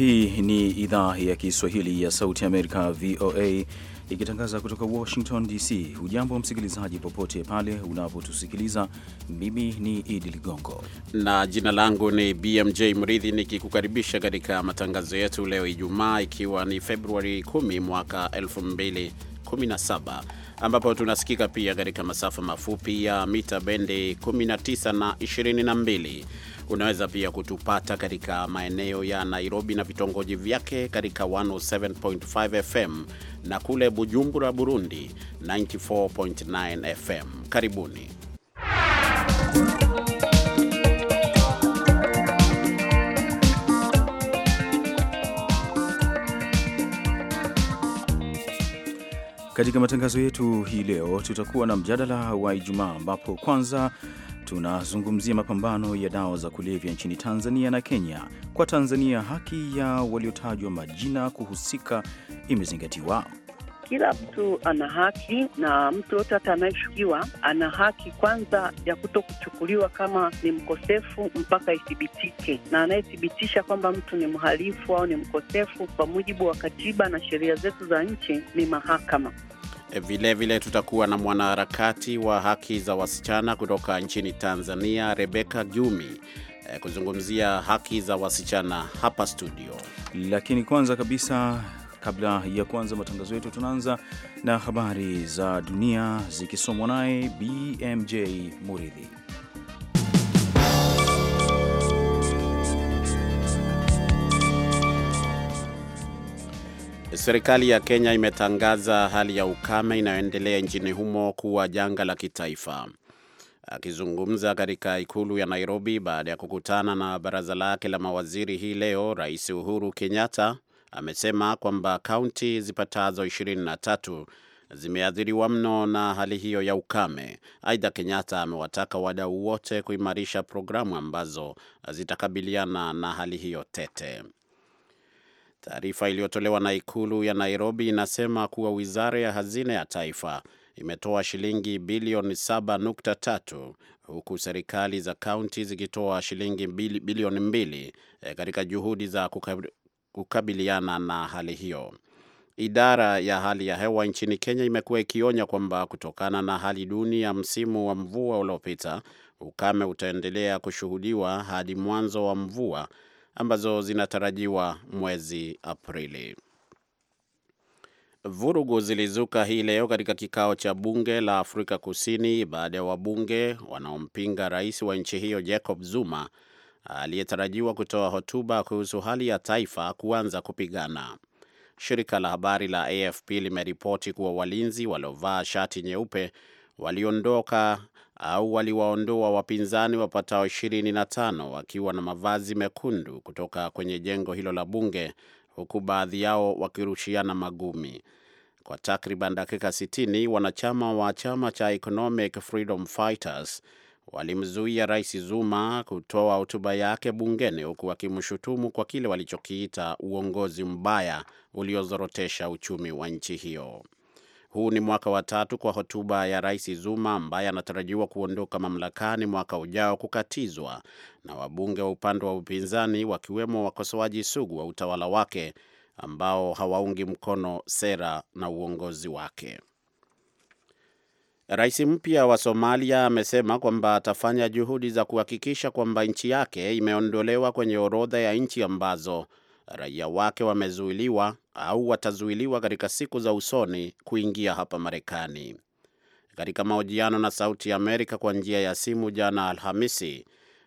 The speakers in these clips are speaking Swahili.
Hii ni idhaa ya Kiswahili ya Sauti Amerika, VOA, ikitangaza kutoka Washington DC. Hujambo msikilizaji, popote pale unapotusikiliza. Mimi ni Idi Ligongo na jina langu ni BMJ Mridhi, nikikukaribisha katika matangazo yetu leo Ijumaa, ikiwa ni Februari 10 mwaka 2017 ambapo tunasikika pia katika masafa mafupi ya mita bendi 19 na 22 Unaweza pia kutupata katika maeneo ya Nairobi na vitongoji vyake katika 107.5 FM na kule Bujumbura, Burundi 94.9 FM. Karibuni. Katika matangazo yetu hii leo tutakuwa na mjadala wa Ijumaa ambapo kwanza Tunazungumzia mapambano ya dawa za kulevya nchini Tanzania na Kenya. Kwa Tanzania, haki ya waliotajwa majina kuhusika imezingatiwa. Kila mtu ana haki, na mtu yote hata anayeshukiwa ana haki kwanza ya kuto kuchukuliwa kama ni mkosefu mpaka ithibitike, na anayethibitisha kwamba mtu ni mhalifu au ni mkosefu kwa mujibu wa katiba na sheria zetu za nchi ni mahakama. Vilevile vile tutakuwa na mwanaharakati wa haki za wasichana kutoka nchini Tanzania, Rebeka Jumi e, kuzungumzia haki za wasichana hapa studio. Lakini kwanza kabisa, kabla ya kuanza matangazo yetu, tunaanza na habari za dunia zikisomwa naye BMJ Muridhi. Serikali ya Kenya imetangaza hali ya ukame inayoendelea nchini humo kuwa janga la kitaifa. Akizungumza katika ikulu ya Nairobi baada ya kukutana na baraza lake la mawaziri hii leo, Rais Uhuru Kenyatta amesema kwamba kaunti zipatazo 23 zimeathiriwa mno na hali hiyo ya ukame. Aidha, Kenyatta amewataka wadau wote kuimarisha programu ambazo zitakabiliana na hali hiyo tete. Taarifa iliyotolewa na ikulu ya Nairobi inasema kuwa wizara ya hazina ya taifa imetoa shilingi bilioni 7.3 huku serikali za kaunti zikitoa shilingi bilioni mbili eh, katika juhudi za kukabiliana na hali hiyo. Idara ya hali ya hewa nchini Kenya imekuwa ikionya kwamba kutokana na hali duni ya msimu wa mvua uliopita, ukame utaendelea kushuhudiwa hadi mwanzo wa mvua ambazo zinatarajiwa mwezi Aprili. Vurugu zilizuka hii leo katika kikao cha bunge la Afrika Kusini baada ya wabunge wanaompinga rais wa nchi hiyo Jacob Zuma aliyetarajiwa kutoa hotuba kuhusu hali ya taifa kuanza kupigana. Shirika la habari la AFP limeripoti kuwa walinzi waliovaa shati nyeupe waliondoka au waliwaondoa wapinzani wapatao 25 wakiwa na mavazi mekundu kutoka kwenye jengo hilo la bunge, huku baadhi yao wakirushiana magumi. Kwa takriban dakika 60 wanachama wa chama cha Economic Freedom Fighters walimzuia Rais Zuma kutoa hotuba yake bungeni huku wakimshutumu kwa kile walichokiita uongozi mbaya uliozorotesha uchumi wa nchi hiyo. Huu ni mwaka wa tatu kwa hotuba ya Rais Zuma ambaye anatarajiwa kuondoka mamlakani mwaka ujao kukatizwa na wabunge wa upande wa upinzani wakiwemo wakosoaji sugu wa utawala wake ambao hawaungi mkono sera na uongozi wake. Rais mpya wa Somalia amesema kwamba atafanya juhudi za kuhakikisha kwamba nchi yake imeondolewa kwenye orodha ya nchi ambazo raia wake wamezuiliwa au watazuiliwa katika siku za usoni kuingia hapa Marekani. Katika mahojiano na Sauti ya Amerika kwa njia ya simu jana Alhamisi,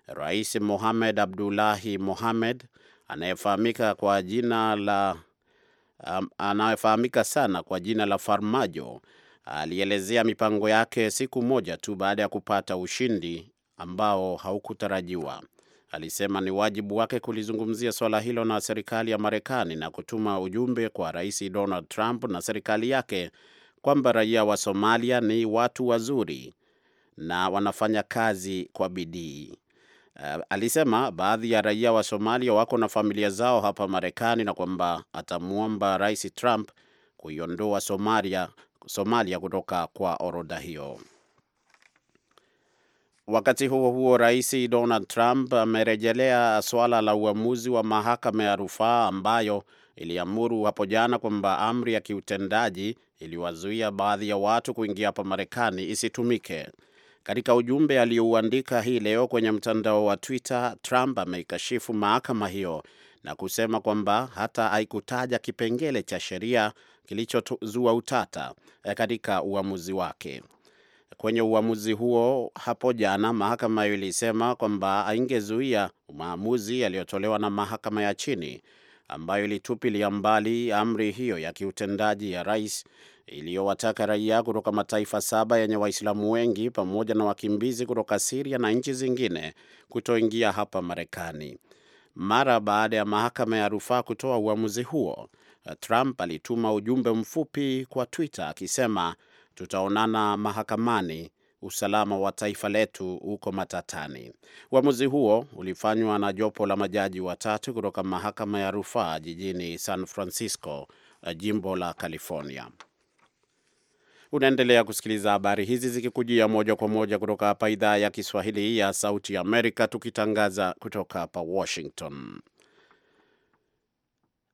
Rais Mohamed Abdullahi Mohamed anayefahamika kwa jina la um, anayefahamika sana kwa jina la Farmajo alielezea mipango yake siku moja tu baada ya kupata ushindi ambao haukutarajiwa alisema ni wajibu wake kulizungumzia swala hilo na serikali ya Marekani na kutuma ujumbe kwa Rais Donald Trump na serikali yake kwamba raia wa Somalia ni watu wazuri na wanafanya kazi kwa bidii. Uh, alisema baadhi ya raia wa Somalia wako na familia zao hapa Marekani na kwamba atamwomba Rais Trump kuiondoa Somalia, Somalia kutoka kwa orodha hiyo. Wakati huo huo, Rais Donald Trump amerejelea suala la uamuzi wa mahakama ya rufaa ambayo iliamuru hapo jana kwamba amri ya kiutendaji iliwazuia baadhi ya watu kuingia hapa Marekani isitumike. Katika ujumbe aliyouandika hii leo kwenye mtandao wa Twitter, Trump ameikashifu mahakama hiyo na kusema kwamba hata haikutaja kipengele cha sheria kilichozua utata eh, katika uamuzi wake. Kwenye uamuzi huo hapo jana, mahakama hiyo ilisema kwamba haingezuia maamuzi yaliyotolewa na mahakama ya chini ambayo ilitupilia mbali amri hiyo ya kiutendaji ya rais iliyowataka raia kutoka mataifa saba yenye Waislamu wengi pamoja na wakimbizi kutoka Siria na nchi zingine kutoingia hapa Marekani. Mara baada ya mahakama ya rufaa kutoa uamuzi huo, Trump alituma ujumbe mfupi kwa Twitter akisema tutaonana mahakamani, usalama wa taifa letu uko matatani. Uamuzi huo ulifanywa na jopo la majaji watatu kutoka mahakama ya rufaa jijini San Francisco, eh, jimbo la California. Unaendelea kusikiliza habari hizi zikikujia moja kwa moja kutoka hapa idhaa ya Kiswahili ya Sauti ya Amerika, tukitangaza kutoka hapa Washington.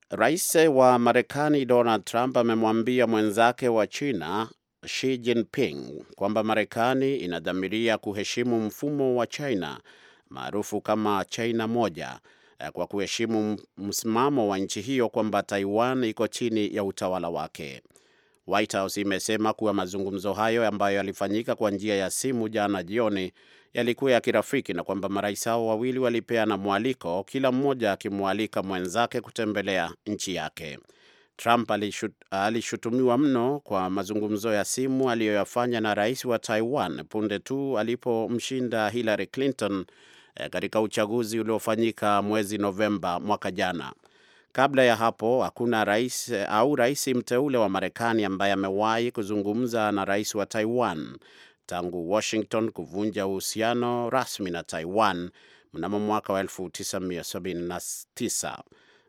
Rais wa Marekani Donald Trump amemwambia mwenzake wa China Xi Jinping kwamba Marekani inadhamiria kuheshimu mfumo wa China maarufu kama China moja kwa kuheshimu msimamo wa nchi hiyo kwamba Taiwan iko chini ya utawala wake. White House imesema kuwa mazungumzo hayo ambayo yalifanyika kwa njia ya simu jana jioni yalikuwa ya kirafiki na kwamba marais hao wawili walipeana mwaliko, kila mmoja akimwalika mwenzake kutembelea nchi yake. Trump alishutumiwa mno kwa mazungumzo ya simu aliyoyafanya na rais wa Taiwan punde tu alipomshinda Hillary Clinton eh, katika uchaguzi uliofanyika mwezi Novemba mwaka jana. Kabla ya hapo hakuna rais eh, au rais mteule wa Marekani ambaye amewahi kuzungumza na rais wa Taiwan tangu Washington kuvunja uhusiano rasmi na Taiwan mnamo mwaka wa 1979.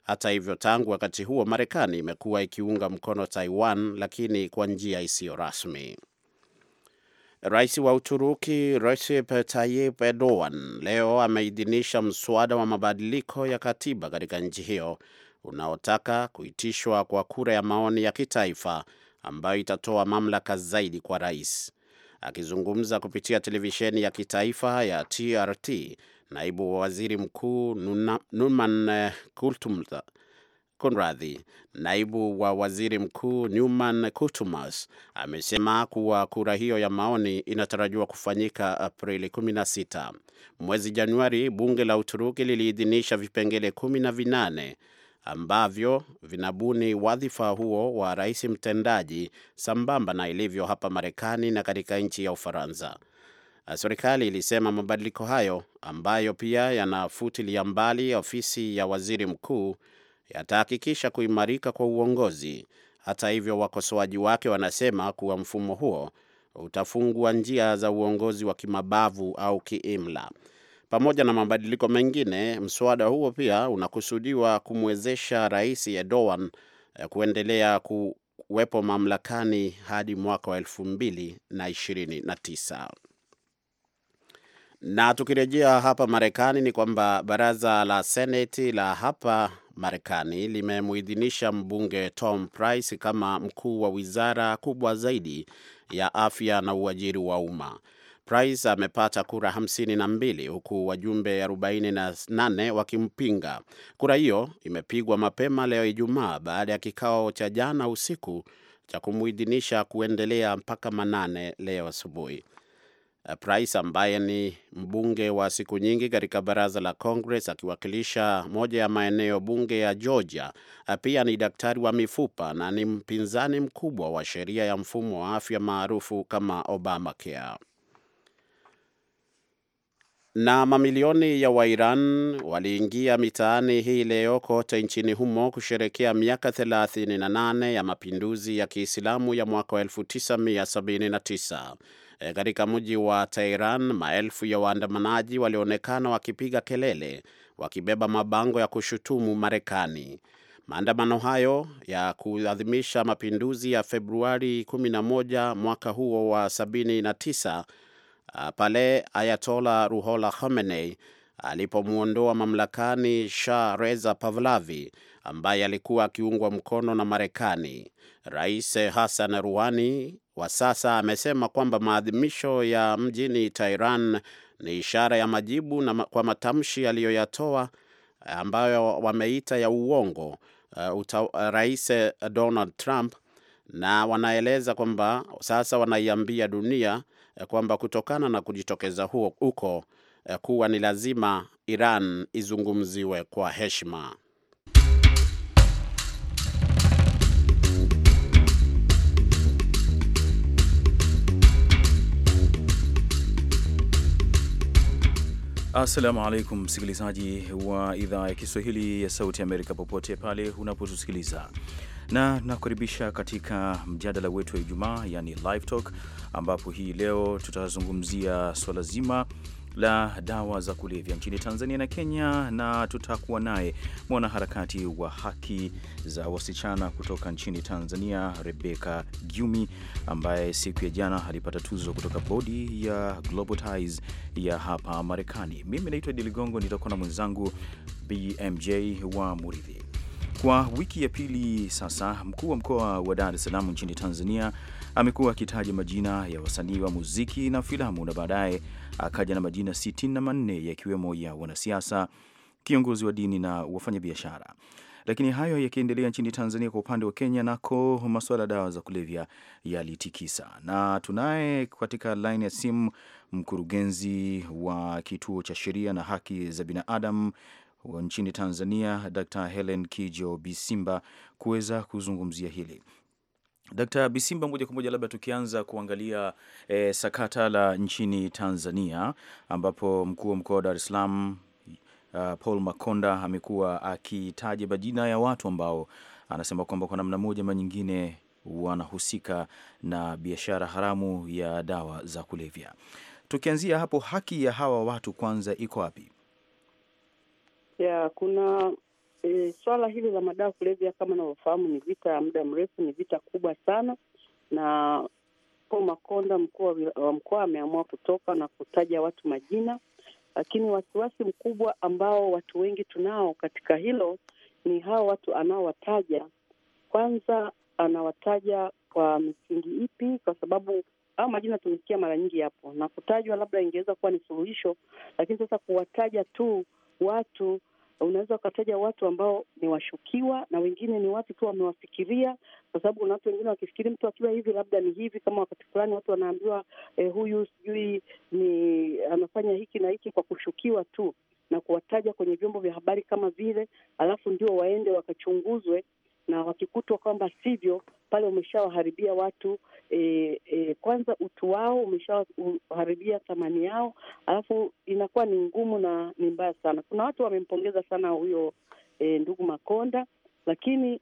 Hata hivyo, tangu wakati huo Marekani imekuwa ikiunga mkono Taiwan, lakini kwa njia isiyo rasmi. Rais wa Uturuki Recep Tayyip Erdogan leo ameidhinisha mswada wa mabadiliko ya katiba katika nchi hiyo unaotaka kuitishwa kwa kura ya maoni ya kitaifa ambayo itatoa mamlaka zaidi kwa rais. Akizungumza kupitia televisheni ya kitaifa ya TRT, naibu wa waziri mkuu Numan eh, Kultumza Kunradhi, naibu wa waziri mkuu Newman Kutumas amesema kuwa kura hiyo ya maoni inatarajiwa kufanyika Aprili 16. Mwezi Januari, bunge la Uturuki liliidhinisha vipengele kumi na vinane ambavyo vinabuni wadhifa huo wa rais mtendaji, sambamba na ilivyo hapa Marekani na katika nchi ya Ufaransa. Uh, serikali ilisema mabadiliko hayo ambayo pia yanafutilia mbali ofisi ya waziri mkuu yatahakikisha kuimarika kwa uongozi. Hata hivyo, wakosoaji wake wanasema kuwa mfumo huo utafungua njia za uongozi wa kimabavu au kiimla. Pamoja na mabadiliko mengine, mswada huo pia unakusudiwa kumwezesha Rais Erdogan eh, kuendelea kuwepo mamlakani hadi mwaka wa elfu mbili na ishirini na tisa. Na tukirejea hapa Marekani ni kwamba baraza la seneti la hapa Marekani limemuidhinisha mbunge Tom Price kama mkuu wa wizara kubwa zaidi ya afya na uajiri wa umma. Price amepata kura 52 na mbili huku wajumbe 48 wakimpinga. Kura hiyo imepigwa mapema leo Ijumaa baada ya kikao cha jana usiku cha kumwidhinisha kuendelea mpaka manane leo asubuhi. Eh, Price ambaye ni mbunge wa siku nyingi katika baraza la Congress akiwakilisha moja ya maeneo bunge ya Georgia, eh, pia ni daktari wa mifupa na ni mpinzani mkubwa wa sheria ya mfumo wa afya maarufu kama Obamacare. Na mamilioni ya Wairan waliingia mitaani hii leo kote nchini humo kusherekea miaka 38 ya mapinduzi ya Kiislamu ya mwaka 1979. E, katika mji wa teheran maelfu ya waandamanaji walionekana wakipiga kelele, wakibeba mabango ya kushutumu Marekani. Maandamano hayo ya kuadhimisha mapinduzi ya Februari 11 mwaka huo wa 79 pale Ayatola ruhola Khomeini alipomwondoa mamlakani Shah Reza Pahlavi ambaye alikuwa akiungwa mkono na Marekani. Rais Hassan Rouhani wa sasa amesema kwamba maadhimisho ya mjini Tehran ni ishara ya majibu na kwa matamshi aliyoyatoa ambayo wameita ya uongo uh, uh, Rais Donald Trump, na wanaeleza kwamba sasa wanaiambia dunia uh, kwamba kutokana na kujitokeza huo huko uh, kuwa ni lazima Iran izungumziwe kwa heshima. Assalamu alaikum msikilizaji wa idhaa ya Kiswahili ya Sauti Amerika, popote pale unapotusikiliza, na nakukaribisha katika mjadala wetu wa Ijumaa, yani Live Talk, ambapo hii leo tutazungumzia swala zima la dawa za kulevya nchini Tanzania na Kenya, na tutakuwa naye mwanaharakati wa haki za wasichana kutoka nchini Tanzania, Rebeka Gyumi, ambaye siku ya jana alipata tuzo kutoka bodi ya Global Ties ya hapa Marekani. Mimi naitwa Diligongo, nitakuwa na mwenzangu BMJ wa Muridhi. Kwa wiki ya pili sasa, mkuu wa mkoa wa Dar es Salaam nchini Tanzania amekuwa akitaja majina ya wasanii wa muziki na filamu na baadaye akaja na majina sitini na manne yakiwemo ya wanasiasa, kiongozi wa dini na wafanyabiashara. Lakini hayo yakiendelea nchini Tanzania, kwa upande wa Kenya nako masuala ya dawa za kulevya yalitikisa. Na tunaye katika laini ya simu mkurugenzi wa kituo cha sheria na haki za binadamu nchini Tanzania, Dr Helen Kijo Bisimba kuweza kuzungumzia hili. Dkt. Bisimba, moja kwa moja labda tukianza kuangalia e, sakata la nchini Tanzania ambapo mkuu wa mkoa wa Dar es Salaam uh, Paul Makonda amekuwa akitaja majina ya watu ambao anasema kwamba kwa namna moja ama nyingine wanahusika na biashara haramu ya dawa za kulevya. Tukianzia hapo, haki ya hawa watu kwanza iko wapi? Ya, kuna E, swala hili la madawa kulevya kama unavyofahamu ni vita ya muda mrefu, ni vita kubwa sana, na po Makonda mkuu wa mkoa ameamua kutoka na kutaja watu majina, lakini wasiwasi mkubwa ambao watu wengi tunao katika hilo ni hao watu anaowataja. Kwanza anawataja kwa misingi ipi? Kwa sababu au majina tumesikia mara nyingi yapo na kutajwa labda ingeweza kuwa ni suluhisho, lakini sasa kuwataja tu watu unaweza ukataja watu ambao ni washukiwa na wengine ni watu tu wamewafikiria, kwa sababu kuna watu wengine wakifikiri mtu akiwa hivi labda ni hivi. Kama wakati fulani watu wanaambiwa eh, huyu sijui ni anafanya hiki na hiki kwa kushukiwa tu na kuwataja kwenye vyombo vya habari kama vile, alafu ndio waende wakachunguzwe na wakikutwa kwamba sivyo, pale umeshawaharibia watu e, e, kwanza utu wao umeshawaharibia thamani yao, alafu inakuwa ni ngumu na ni mbaya sana. Kuna watu wamempongeza sana huyo e, ndugu Makonda, lakini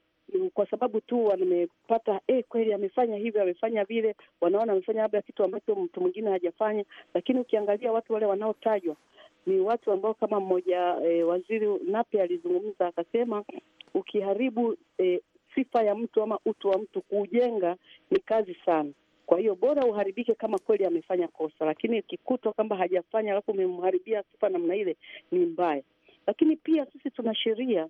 kwa sababu tu wamepata eh, kweli amefanya hivyo amefanya vile, wanaona amefanya labda kitu ambacho mtu mwingine hajafanya. Lakini ukiangalia watu wale wanaotajwa ni watu ambao kama mmoja eh, waziri Nape alizungumza akasema ukiharibu e, sifa ya mtu ama utu wa mtu, kuujenga ni kazi sana. Kwa hiyo bora uharibike kama kweli amefanya kosa, lakini ikikutwa kwamba hajafanya alafu umemharibia sifa namna ile, ni mbaya. Lakini pia sisi tuna sheria,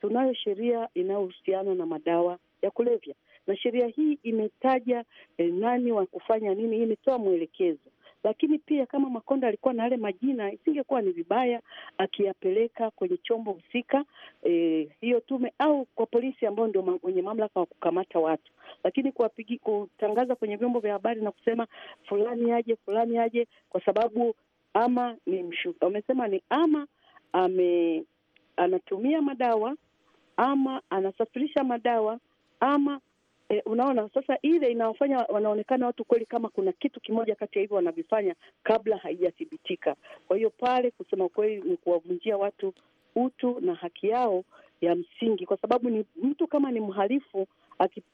tunayo sheria inayohusiana na madawa ya kulevya, na sheria hii imetaja e, nani wa kufanya nini. Hii imetoa mwelekezo lakini pia kama Makonda alikuwa na yale majina, isingekuwa ni vibaya akiyapeleka kwenye chombo husika, e, hiyo tume au kwa polisi ambao ndio wenye mamlaka wa kukamata watu, lakini kuwapigi, kutangaza kwenye vyombo vya habari na kusema fulani aje, fulani aje, kwa sababu ama ni mshuka, wamesema ni ama ame anatumia madawa ama anasafirisha madawa ama E, unaona sasa, ile inawafanya wanaonekana watu kweli kama kuna kitu kimoja kati ya hivyo wanavifanya kabla haijathibitika. Kwa hiyo pale, kusema kweli, ni kuwavunjia watu utu na haki yao ya msingi, kwa sababu ni mtu kama ni mhalifu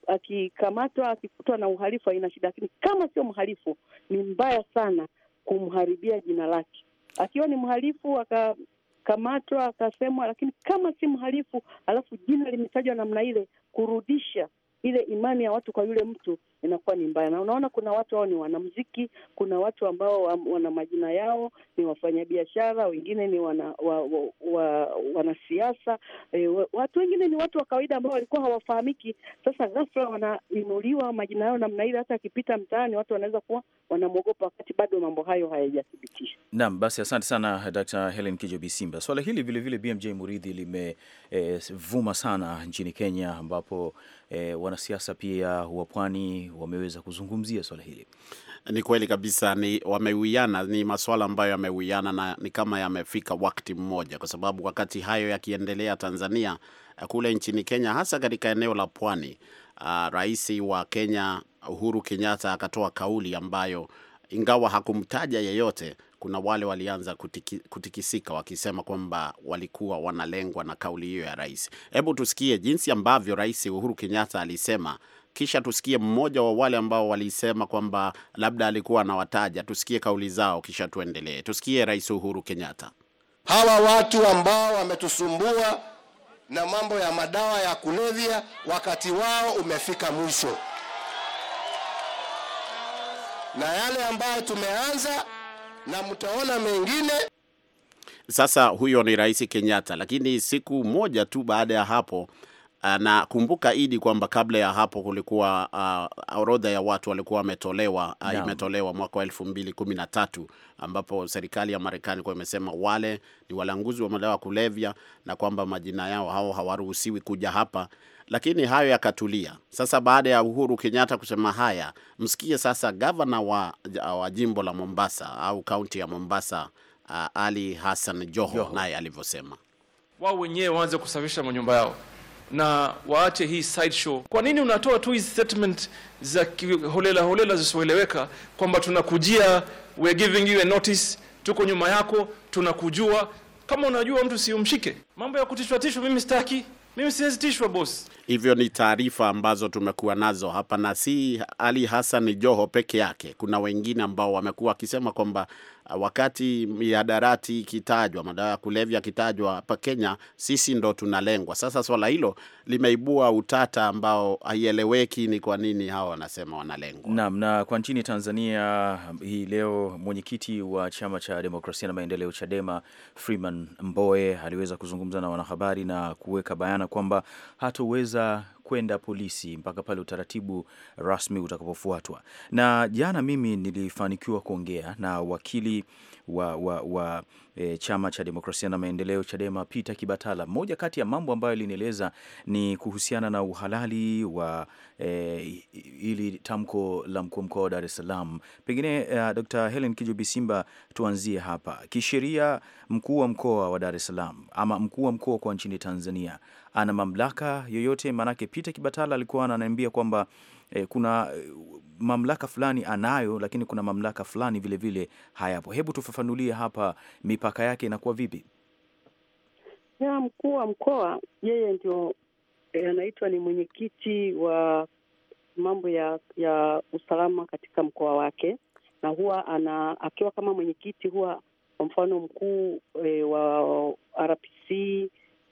akikamatwa, aki akikutwa na uhalifu haina shida, lakini kama sio mhalifu ni mbaya sana kumharibia jina lake. Akiwa ni mhalifu akakamatwa akasemwa, lakini kama si mhalifu alafu jina limetajwa namna ile, kurudisha ile imani ya watu kwa yule mtu inakuwa ni mbaya. Na unaona kuna watu hao ni wanamziki kuna watu ambao wana majina yao, ni wafanyabiashara, wengine ni wana wa, wa, wa, wanasiasa e, watu wengine ni watu wa kawaida ambao walikuwa hawafahamiki. Sasa ghafla wanainuliwa majina yao namna ile, hata akipita mtaani watu wanaweza kuwa wanamwogopa, wakati bado mambo hayo hayajathibitishwa. Naam, basi asante sana Dr. Helen Kijo Bisimba. Swala hili vilevile BMJ Muridhi limevuma eh, e, sana nchini Kenya ambapo e, wanasiasa pia wa pwani wameweza kuzungumzia swala hili. Ni kweli kabisa, ni wamewiana, ni masuala ambayo yamewiana na ni kama yamefika wakati mmoja, kwa sababu wakati hayo yakiendelea Tanzania, eh, kule nchini Kenya, hasa katika eneo la pwani, uh, rais wa Kenya Uhuru Kenyatta akatoa kauli ambayo ingawa hakumtaja yeyote kuna wale walianza kutiki, kutikisika wakisema kwamba walikuwa wanalengwa na kauli hiyo ya rais. Hebu tusikie jinsi ambavyo Rais Uhuru Kenyatta alisema, kisha tusikie mmoja wa wale ambao walisema kwamba labda alikuwa anawataja. Tusikie kauli zao, kisha tuendelee. Tusikie Rais Uhuru Kenyatta. Hawa watu ambao wametusumbua na mambo ya madawa ya kulevya, wakati wao umefika mwisho, na yale ambayo tumeanza na mtaona mengine. Sasa huyo ni Rais Kenyatta, lakini siku moja tu baada ya hapo Ah, na kumbuka Idi kwamba kabla ya hapo kulikuwa uh, orodha ya watu walikuwa wametolewa uh, imetolewa mwaka wa elfu mbili kumi na tatu ambapo serikali ya Marekani kwa imesema wale ni walanguzi wa madawa kulevya na kwamba majina yao hao hawaruhusiwi kuja hapa, lakini hayo yakatulia. Sasa baada ya Uhuru Kenyatta kusema haya, msikie sasa gavana wa, wa jimbo la Mombasa au kaunti ya Mombasa uh, Ali Hassan Joho, Joho. naye alivyosema wao wenyewe waanze kusafisha manyumba yao na waache hii side show. Kwa nini unatoa tu hizi statement za holela holela zisizoeleweka kwamba tunakujia, we giving you a notice, tuko nyuma yako, tunakujua. Kama unajua mtu siumshike. Mambo ya kutishwa tishwa mimi sitaki, mimi siwezi tishwa boss. Hivyo ni taarifa ambazo tumekuwa nazo hapa, na si Ali Hassan Joho peke yake. Kuna wengine ambao wamekuwa wakisema kwamba uh, wakati mihadarati ikitajwa, madawa ya kulevya akitajwa hapa Kenya, sisi ndo tunalengwa. Sasa swala hilo limeibua utata ambao haieleweki ni kwa nini hawa wanasema wanalengwa. Naam, na kwa nchini Tanzania um, hii leo mwenyekiti wa chama cha demokrasia na maendeleo Chadema Freeman Mbowe aliweza kuzungumza na wanahabari na kuweka bayana kwamba hataweza kuweza kwenda polisi mpaka pale utaratibu rasmi utakapofuatwa. Na jana mimi nilifanikiwa kuongea na wakili wa, wa, wa e, chama cha demokrasia na maendeleo Chadema, Peter Kibatala. Moja kati ya mambo ambayo alinieleza ni kuhusiana na uhalali wa e, ili tamko la mkuu mkoa wa Dar es Salaam. Pengine uh, e, Dr. Helen kijobisimba tuanzie hapa. Kisheria, mkuu wa mkoa wa Dar es Salaam ama mkuu wa mkoa kwa nchini Tanzania ana mamlaka yoyote? Maanake Peter Kibatala alikuwa ananiambia kwamba eh, kuna eh, mamlaka fulani anayo, lakini kuna mamlaka fulani vilevile hayapo. Hebu tufafanulie hapa, mipaka yake inakuwa vipi? Ya mkuu wa mkoa yeye ndio eh, anaitwa ni mwenyekiti wa mambo ya ya usalama katika mkoa wake, na huwa ana akiwa kama mwenyekiti huwa kwa mfano mkuu e, wa RPC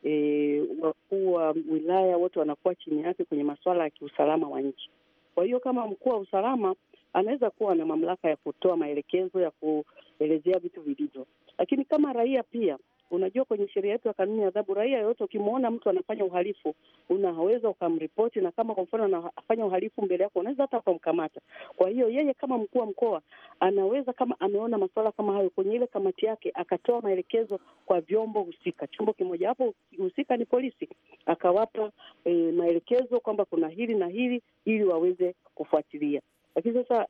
e, wakuu wa wilaya wote wanakuwa chini yake kwenye masuala ya kiusalama wa nchi. Kwa hiyo kama mkuu wa usalama anaweza kuwa na mamlaka ya kutoa maelekezo ya kuelezea vitu vilivyo, lakini kama raia pia Unajua, kwenye sheria yetu ya kanuni ya adhabu, raia yoyote ukimwona mtu anafanya uhalifu unaweza ukamripoti, na kama kwa mfano anafanya uhalifu mbele yako unaweza hata ukamkamata. Kwa hiyo yeye kama mkuu wa mkoa anaweza, kama ameona masuala kama hayo kwenye ile kamati yake, akatoa maelekezo kwa vyombo husika. Chombo kimoja hapo husika ni polisi, akawapa e, maelekezo kwamba kuna hili na hili, ili waweze kufuatilia. Lakini sasa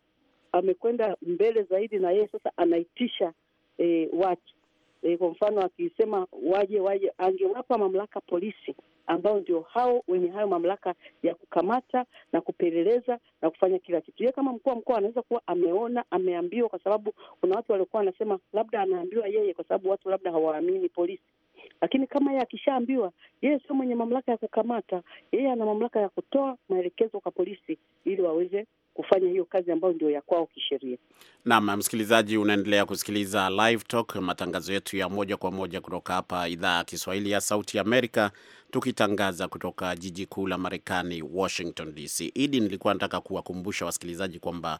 amekwenda mbele zaidi, na yeye sasa anaitisha e, watu e, kwa mfano akisema waje waje, angewapa mamlaka polisi ambao ndio hao wenye hayo mamlaka ya kukamata na kupeleleza na kufanya kila kitu. Yeye kama mkuu wa mkoa anaweza kuwa ameona, ameambiwa, kwa sababu kuna watu waliokuwa wanasema labda anaambiwa yeye, kwa sababu watu labda hawaamini polisi. Lakini kama yeye akishaambiwa, yeye sio mwenye mamlaka ya kukamata, yeye ana mamlaka ya kutoa maelekezo kwa polisi ili waweze kufanya hiyo kazi ambayo ndio ya kwao kisheria. Naam, msikilizaji, unaendelea kusikiliza Live Talk, matangazo yetu ya moja kwa moja kutoka hapa idhaa ya Kiswahili ya Sauti Amerika, tukitangaza kutoka jiji kuu la Marekani, Washington DC. Idi, nilikuwa nataka kuwakumbusha wasikilizaji kwamba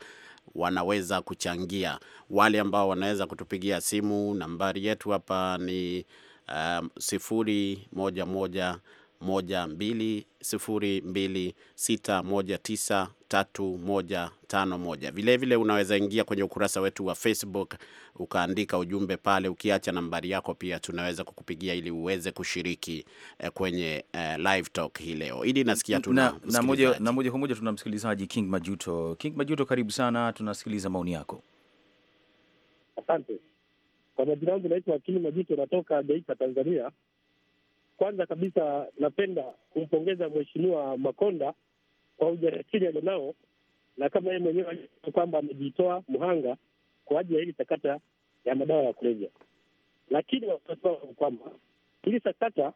wanaweza kuchangia, wale ambao wanaweza kutupigia simu, nambari yetu hapa ni um, sifuri moja moja 12026193151. Vilevile unaweza ingia kwenye ukurasa wetu wa Facebook ukaandika ujumbe pale, ukiacha nambari yako pia tunaweza kukupigia ili uweze kushiriki eh, kwenye uh, live talk hii leo. Ili nasikia tuna na moja na moja kwa moja tuna msikilizaji King Majuto. King Majuto, karibu sana, tunasikiliza maoni yako. Asante. Kwa majina yangu naitwa King Majuto, natoka Geita, Tanzania. Kwanza kabisa napenda kumpongeza Mheshimiwa Makonda kwa ujasiri alionao, na kama yeye mwenyewe alisema kwamba amejitoa mhanga kwa ajili ya hili sakata ya madawa ya kulevya. Lakini watoto kwamba hili sakata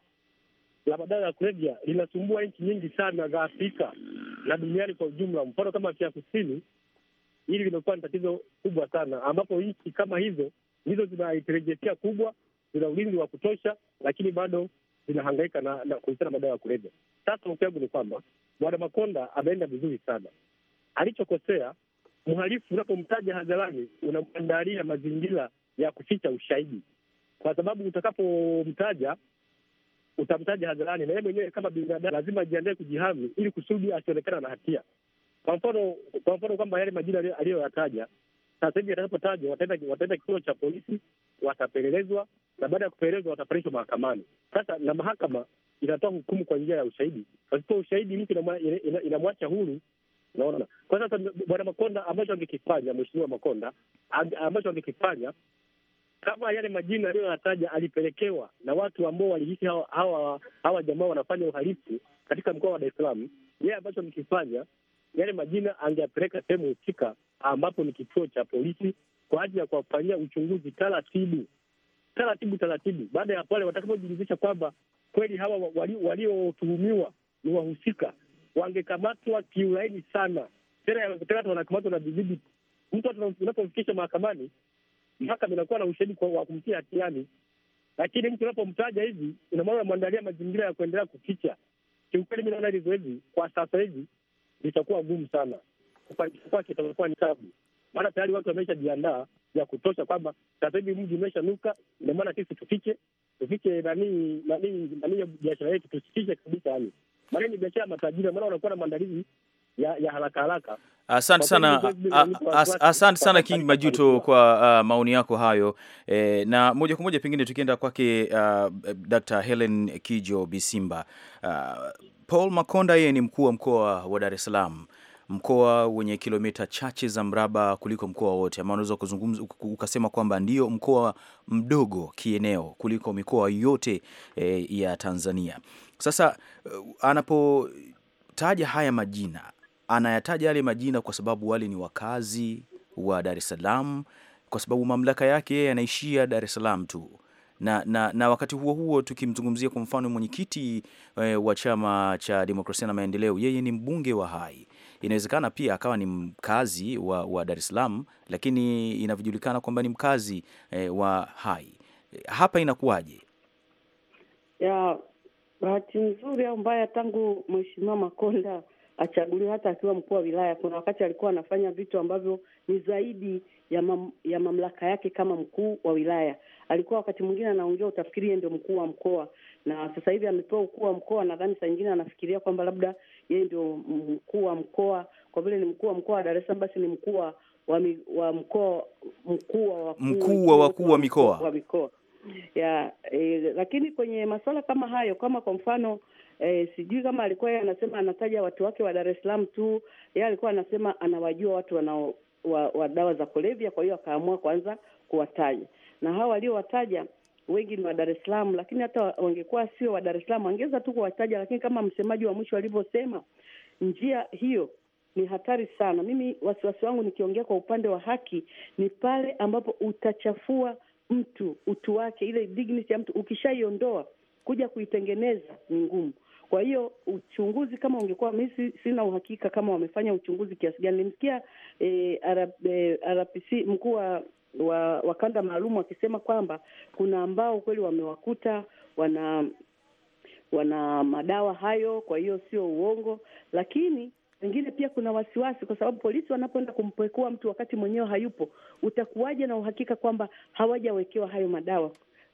la madawa ya kulevya linasumbua nchi nyingi sana za Afrika na duniani kwa ujumla. Mfano kama Afrika Kusini, hili limekuwa ni tatizo kubwa sana, ambapo nchi kama hizo ndizo zina intelijensia kubwa, zina ulinzi wa kutosha, lakini bado zinahangaika na, na kuhusiana madawa ya kulevya. Sasa hofu yangu ni kwamba Bwana Makonda ameenda vizuri sana. Alichokosea, mhalifu unapomtaja hadharani unamwandalia mazingira ya kuficha ushahidi, kwa sababu utakapomtaja utamtaja hadharani, na yeye mwenyewe kama binadamu lazima ajiandae kujihami ili kusudi asionekana na hatia. Kwa mfano, kwa mfano kwamba yale majina aliyoyataja sasa hivi wataenda kituo cha polisi, watapelelezwa na baada ya kupelezwa watapelekwa mahakamani. Sasa na mahakama inatoa hukumu kwa njia ya ushahidi. Pasipo ushahidi mtu inamwacha huru. Naona kwa sasa bwana Makonda ambacho angekifanya mheshimiwa Makonda ambacho angekifanya kama yale majina aliyoyataja alipelekewa na watu ambao walihisi hawa, hawa, hawa jamaa wanafanya uhalifu katika mkoa wa Dar es Salaam, yeye ambacho angekifanya yale majina angeyapeleka sehemu husika ambapo ni kituo cha polisi kwa ajili ya kuwafanyia uchunguzi taratibu taratibu taratibu. Baada ya pale, watakapojiridhisha kwamba kweli hawa waliotuhumiwa wali ni wahusika, wangekamatwa kiuraini sana. Tena yanakutana wanakamatwa na bidii. Mtu unapomfikisha mahakamani, mahakama inakuwa na ushahidi wa kumtia hatiani, lakini mtu unapomtaja hivi, ina maana unamwandalia mazingira ya kuendelea kuficha. Kiukweli mi naona hili zoezi kwa sasa hivi litakuwa gumu sana, kufanikiwa kwake itakuwa ni tabu maana tayari watu wameshajiandaa ya kutosha kwamba sasa hivi mji umeshanuka, ndio maana sisi tufiche tufiche nanii nanii nanii biashara yetu tusifiche kabisa, yani maana ni biashara ya matajiri, maana wanakuwa na maandalizi ya, ya haraka haraka. Asante sana, asante sana King Majuto kwa uh, maoni yako hayo e, na moja kwa moja pengine tukienda kwake uh, Dr. Helen Kijo Bisimba uh, Paul Makonda yeye ni mkuu wa mkoa wa Dar es Salaam mkoa wenye kilomita chache za mraba kuliko mkoa wote, ama unaweza kuzungumza ukasema kwamba ndio mkoa mdogo kieneo kuliko mikoa yote e, ya Tanzania. Sasa e, anapotaja haya majina, anayataja yale majina kwa sababu wale ni wakazi wa Dar es Salaam, kwa sababu mamlaka yake yeye anaishia Dar es Salaam tu. Na, na, na wakati huo huo tukimzungumzia kwa mfano mwenyekiti e, wa Chama cha Demokrasia na Maendeleo, yeye ni mbunge wa Hai. Inawezekana pia akawa ni mkazi wa, wa Dar es Salaam, lakini inavyojulikana kwamba ni mkazi e, wa Hai. Hapa inakuwaje? ya bahati nzuri au mbaya, tangu Mheshimiwa Makonda achaguliwe hata akiwa mkuu wa wilaya, kuna wakati alikuwa anafanya vitu ambavyo ni zaidi ya, mam, ya mamlaka yake kama mkuu wa wilaya. Alikuwa wakati mwingine anaongea utafikiri ndio mkuu wa mkoa, na sasa hivi amepewa ukuu wa mkoa. Nadhani saa nyingine anafikiria kwamba labda yeye ndio mkuu wa mkoa. Kwa vile ni mkuu wa mkoa wa Dar es Salaam, basi ni mkuu wa wa mkoa mkuu wa mkuu wa wakuu wa mikoa wa mikoa ya e, lakini kwenye masuala kama hayo, kama kwa mfano e, sijui kama alikuwa yeye anasema anataja watu wake wa Dar es Salaam tu, yeye alikuwa anasema anawajua watu wanao wa, wa dawa za kulevya, kwa hiyo akaamua kwanza kuwataja na hawa waliowataja wengi ni wa Dar es Salaam, lakini hata wangekuwa sio wa Dar es Salaam wangeweza tu kuwataja, lakini kama msemaji wa mwisho alivyosema, njia hiyo ni hatari sana. Mimi wasiwasi wangu nikiongea kwa upande wa haki ni pale ambapo utachafua mtu utu wake, ile dignity ya mtu ukishaiondoa, kuja kuitengeneza ni ngumu. Kwa hiyo uchunguzi kama ungekuwa, mimi sina uhakika kama wamefanya uchunguzi kiasi gani. Nilimsikia e, eh, RPC eh, mkuu wa wa wakanda maalum wakisema kwamba kuna ambao kweli wamewakuta wana wana madawa hayo, kwa hiyo sio uongo, lakini wengine pia kuna wasiwasi, kwa sababu polisi wanapoenda kumpekua mtu wakati mwenyewe hayupo, utakuwaje na uhakika kwamba hawajawekewa hayo madawa?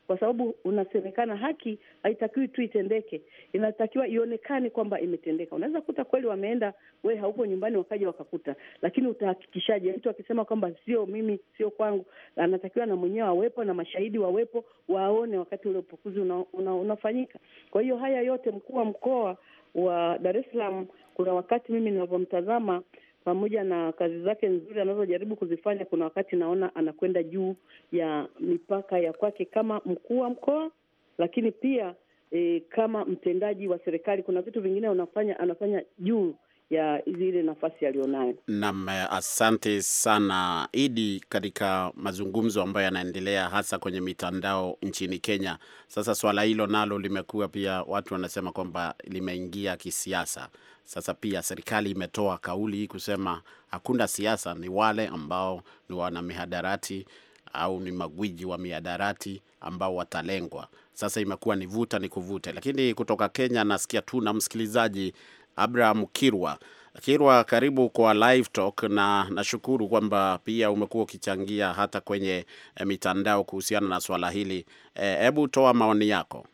kwa sababu unasemekana haki haitakiwi tu itendeke, inatakiwa ionekane kwamba imetendeka. Unaweza kuta kweli wameenda, wee haupo nyumbani, wakaja wakakuta, lakini utahakikishaje? Mtu akisema kwamba sio mimi, sio kwangu, anatakiwa na mwenyewe awepo na mashahidi wawepo, waone wakati ule upukuzi una, una, unafanyika. Kwa hiyo haya yote, mkuu wa mkoa wa Dar es Salaam, kuna wakati mimi ninavyomtazama pamoja na kazi zake nzuri anazojaribu kuzifanya, kuna wakati naona anakwenda juu ya mipaka ya kwake kama mkuu wa mkoa, lakini pia e, kama mtendaji wa serikali, kuna vitu vingine unafanya anafanya juu ya zile nafasi aliyonayo. Naam, asante sana Idi. Katika mazungumzo ambayo yanaendelea hasa kwenye mitandao nchini Kenya, sasa swala hilo nalo limekuwa pia, watu wanasema kwamba limeingia kisiasa. Sasa pia serikali imetoa kauli kusema hakuna siasa, ni wale ambao ni wana mihadarati au ni magwiji wa mihadarati ambao watalengwa. Sasa imekuwa ni vuta ni kuvute, lakini kutoka Kenya nasikia tu na msikilizaji Abraham Kirwa. Kirwa, karibu kwa Live Talk, na nashukuru kwamba pia umekuwa ukichangia hata kwenye e, mitandao kuhusiana na swala hili. Eh, hebu e, toa maoni yako.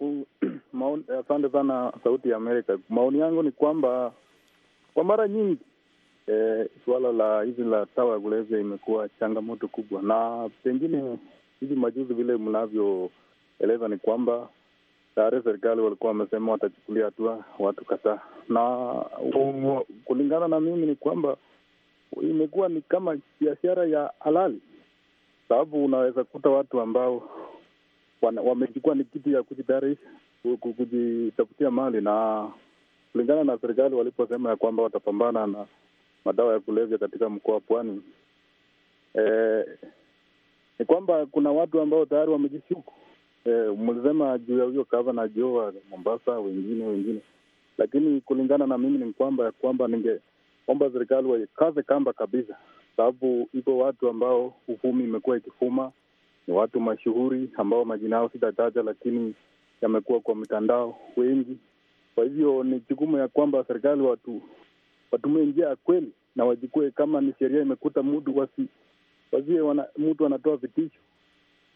Mm, asante sana Sauti ya Amerika. Maoni yangu ni kwamba kwa mara nyingi e, eh, suala la hizi la dawa ya kulevya imekuwa changamoto kubwa, na pengine hivi majuzi vile mnavyoeleza ni kwamba tayari serikali walikuwa wamesema watachukulia hatua watu kadhaa, na kulingana na mimi ni kwamba imekuwa ni kama biashara ya halali, sababu unaweza kuta watu ambao wamechukua ni kitu ya kujitayarisha kujitafutia mali, na kulingana na serikali waliposema ya kwamba watapambana na madawa ya kulevya katika mkoa wa Pwani, eh, ni kwamba kuna watu ambao tayari wamejishuku eh, mlisema juu ya huyo kava na wa Mombasa, wengine wengine, lakini kulingana na mimi ni kwamba ya kwamba ningeomba serikali waikaze kamba kabisa, sababu iko watu ambao uvumi imekuwa ikifuma, ni watu mashuhuri ambao majina yao sitataja, lakini yamekuwa kwa mitandao wengi. Kwa hivyo ni jukumu ya kwamba serikali watu watumie njia ya kweli na wajikue, kama ni sheria imekuta mtu wasi wazie wana, mtu anatoa vitisho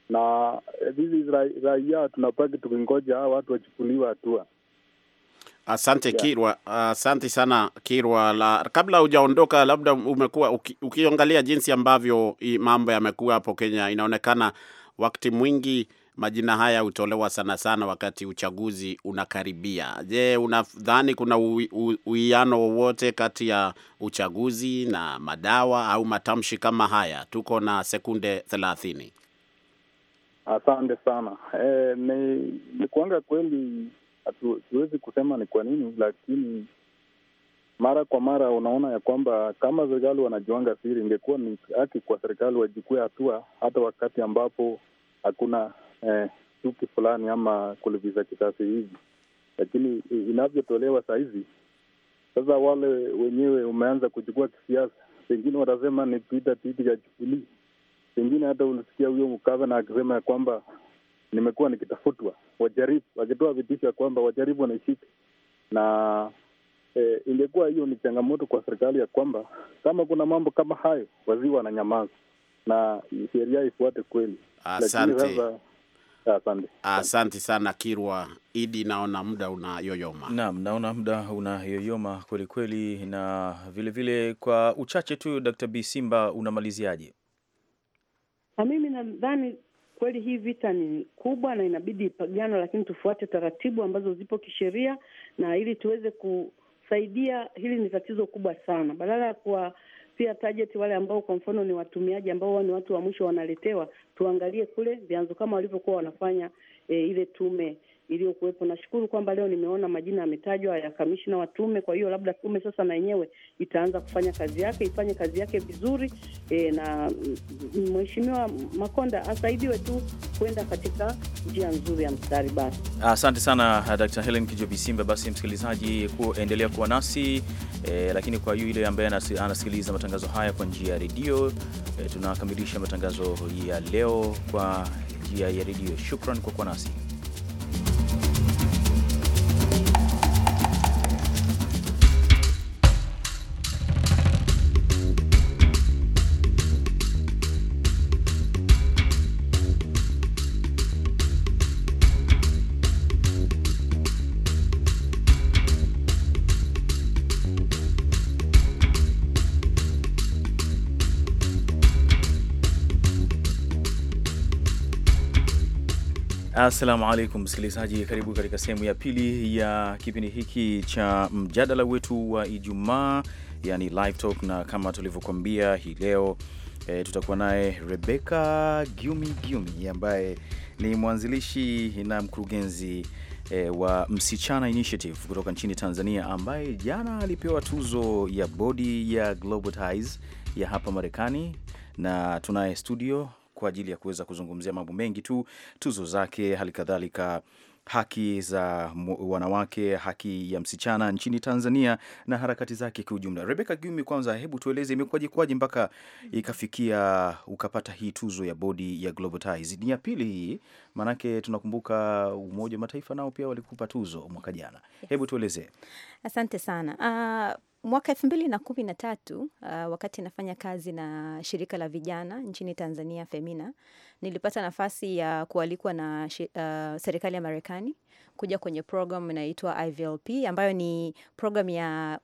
na sisi raia tunapaki tukingoja hawa watu wachukuliwa hatua. Asante yeah. Kirwa, asante sana Kirwa. La, kabla hujaondoka, labda umekuwa uki, ukiangalia jinsi ambavyo mambo yamekuwa hapo Kenya, inaonekana wakati mwingi majina haya hutolewa sana sana wakati uchaguzi unakaribia. Je, unadhani kuna uwiano wowote kati ya uchaguzi na madawa au matamshi kama haya? Tuko na sekunde thelathini. Asante sana. Eh, e, ni, ni kuanga kweli, siwezi kusema ni kwa nini, lakini mara kwa mara unaona ya kwamba kama serikali wanajuanga siri, ingekuwa ni haki kwa serikali wajukue hatua hata wakati ambapo hakuna eh, chuki eh, fulani ama kulipiza kisasi hivi, lakini inavyotolewa sahizi sasa, wale wenyewe umeanza kuchukua kisiasa, pengine watasema ni pita titi ya Jubilii Pengine hata ulisikia huyo mgavana akisema ya kwamba nimekuwa nikitafutwa, wajaribu wakitoa vitisho ya kwamba wajaribu wanaishika na e, ingekuwa hiyo ni changamoto kwa serikali ya kwamba kama kuna mambo kama hayo waziwa wananyamaza na sheria ifuate kweli. Asante. Asante. sana Kirwa Idi, naona muda unayoyoma. Naam, naona muda unayoyoma kwelikweli, na vilevile vile kwa uchache tu, Dr. B Simba, unamaliziaje? Na mimi nadhani kweli hii vita ni kubwa na inabidi ipigano, lakini tufuate taratibu ambazo zipo kisheria, na ili tuweze kusaidia. Hili ni tatizo kubwa sana, badala ya kuwa pia target wale ambao kwa mfano ni watumiaji ambao ni watu wa mwisho wanaletewa, tuangalie kule vyanzo kama walivyokuwa wanafanya e, ile tume iliyokuwepo. Nashukuru kwamba leo nimeona majina yametajwa ya kamishina wa tume. Kwa hiyo labda tume sasa na yenyewe itaanza kufanya kazi yake, ifanye kazi yake vizuri e, na mheshimiwa Makonda asaidiwe tu kwenda katika njia nzuri ya mstari. Basi asante sana Dr. Helen Kijo Basi msikilizaji, kuendelea kuwa nasi e, lakini kwa yule ambaye anasikiliza matangazo haya kwa njia ya redio e, tunakamilisha matangazo ya leo kwa njia ya redio. Shukran kwa kuwa nasi. Assalamu alaikum msikilizaji, karibu katika sehemu ya pili ya kipindi hiki cha mjadala wetu wa Ijumaa, yani live talk, na kama tulivyokuambia hii leo e, tutakuwa naye Rebecca Gyumi Gyumi ambaye ni mwanzilishi na mkurugenzi e, wa Msichana Initiative kutoka nchini Tanzania, ambaye jana alipewa tuzo ya bodi ya Global Ties ya hapa Marekani, na tunaye studio kwa ajili ya kuweza kuzungumzia mambo mengi tu, tuzo zake, hali kadhalika haki za wanawake, haki ya msichana nchini Tanzania na harakati zake kiujumla. rebeka Gumi, kwanza hebu tueleze imekuwaje kwaje mpaka ikafikia ukapata hii tuzo ya bodi ya Globalize? Ni ya pili hii, maanake tunakumbuka Umoja wa Mataifa nao pia walikupa tuzo mwaka jana. Yes. Hebu tuelezee. Asante sana. Uh... Mwaka elfu mbili na kumi na tatu uh, wakati nafanya kazi na shirika la vijana nchini Tanzania Femina, nilipata nafasi ya kualikwa na uh, serikali ya Marekani kuja kwenye program inaitwa IVLP ambayo ni program ya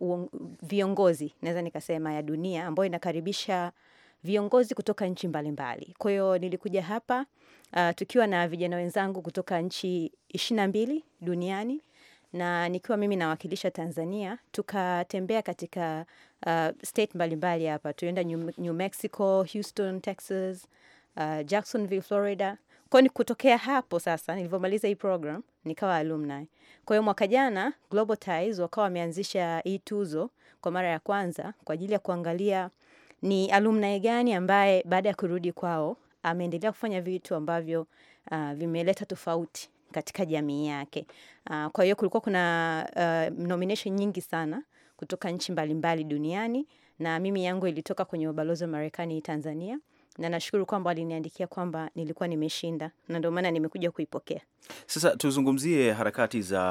viongozi naweza nikasema ya dunia ambayo inakaribisha viongozi kutoka nchi mbalimbali. Kwa hiyo nilikuja hapa uh, tukiwa na vijana wenzangu kutoka nchi ishirini na mbili duniani na nikiwa mimi nawakilisha Tanzania tukatembea katika uh, state mbalimbali hapa, tuenda New Mexico, Houston, Texas, uh, Jacksonville, Florida. Kwa ni kutokea hapo sasa, nilivyomaliza hii program nikawa alumni. Kwa hiyo mwaka jana Global Ties wakawa wameanzisha hii tuzo kwa mara ya kwanza kwa ajili ya kuangalia ni alumni gani ambaye baada ya kurudi kwao ameendelea kufanya vitu ambavyo uh, vimeleta tofauti katika jamii yake. Uh, kwa hiyo kulikuwa kuna uh, nomination nyingi sana kutoka nchi mbalimbali duniani na mimi yangu ilitoka kwenye ubalozi wa Marekani Tanzania na nashukuru kwamba waliniandikia kwamba nilikuwa nimeshinda na ndio maana nimekuja kuipokea. Sasa tuzungumzie harakati za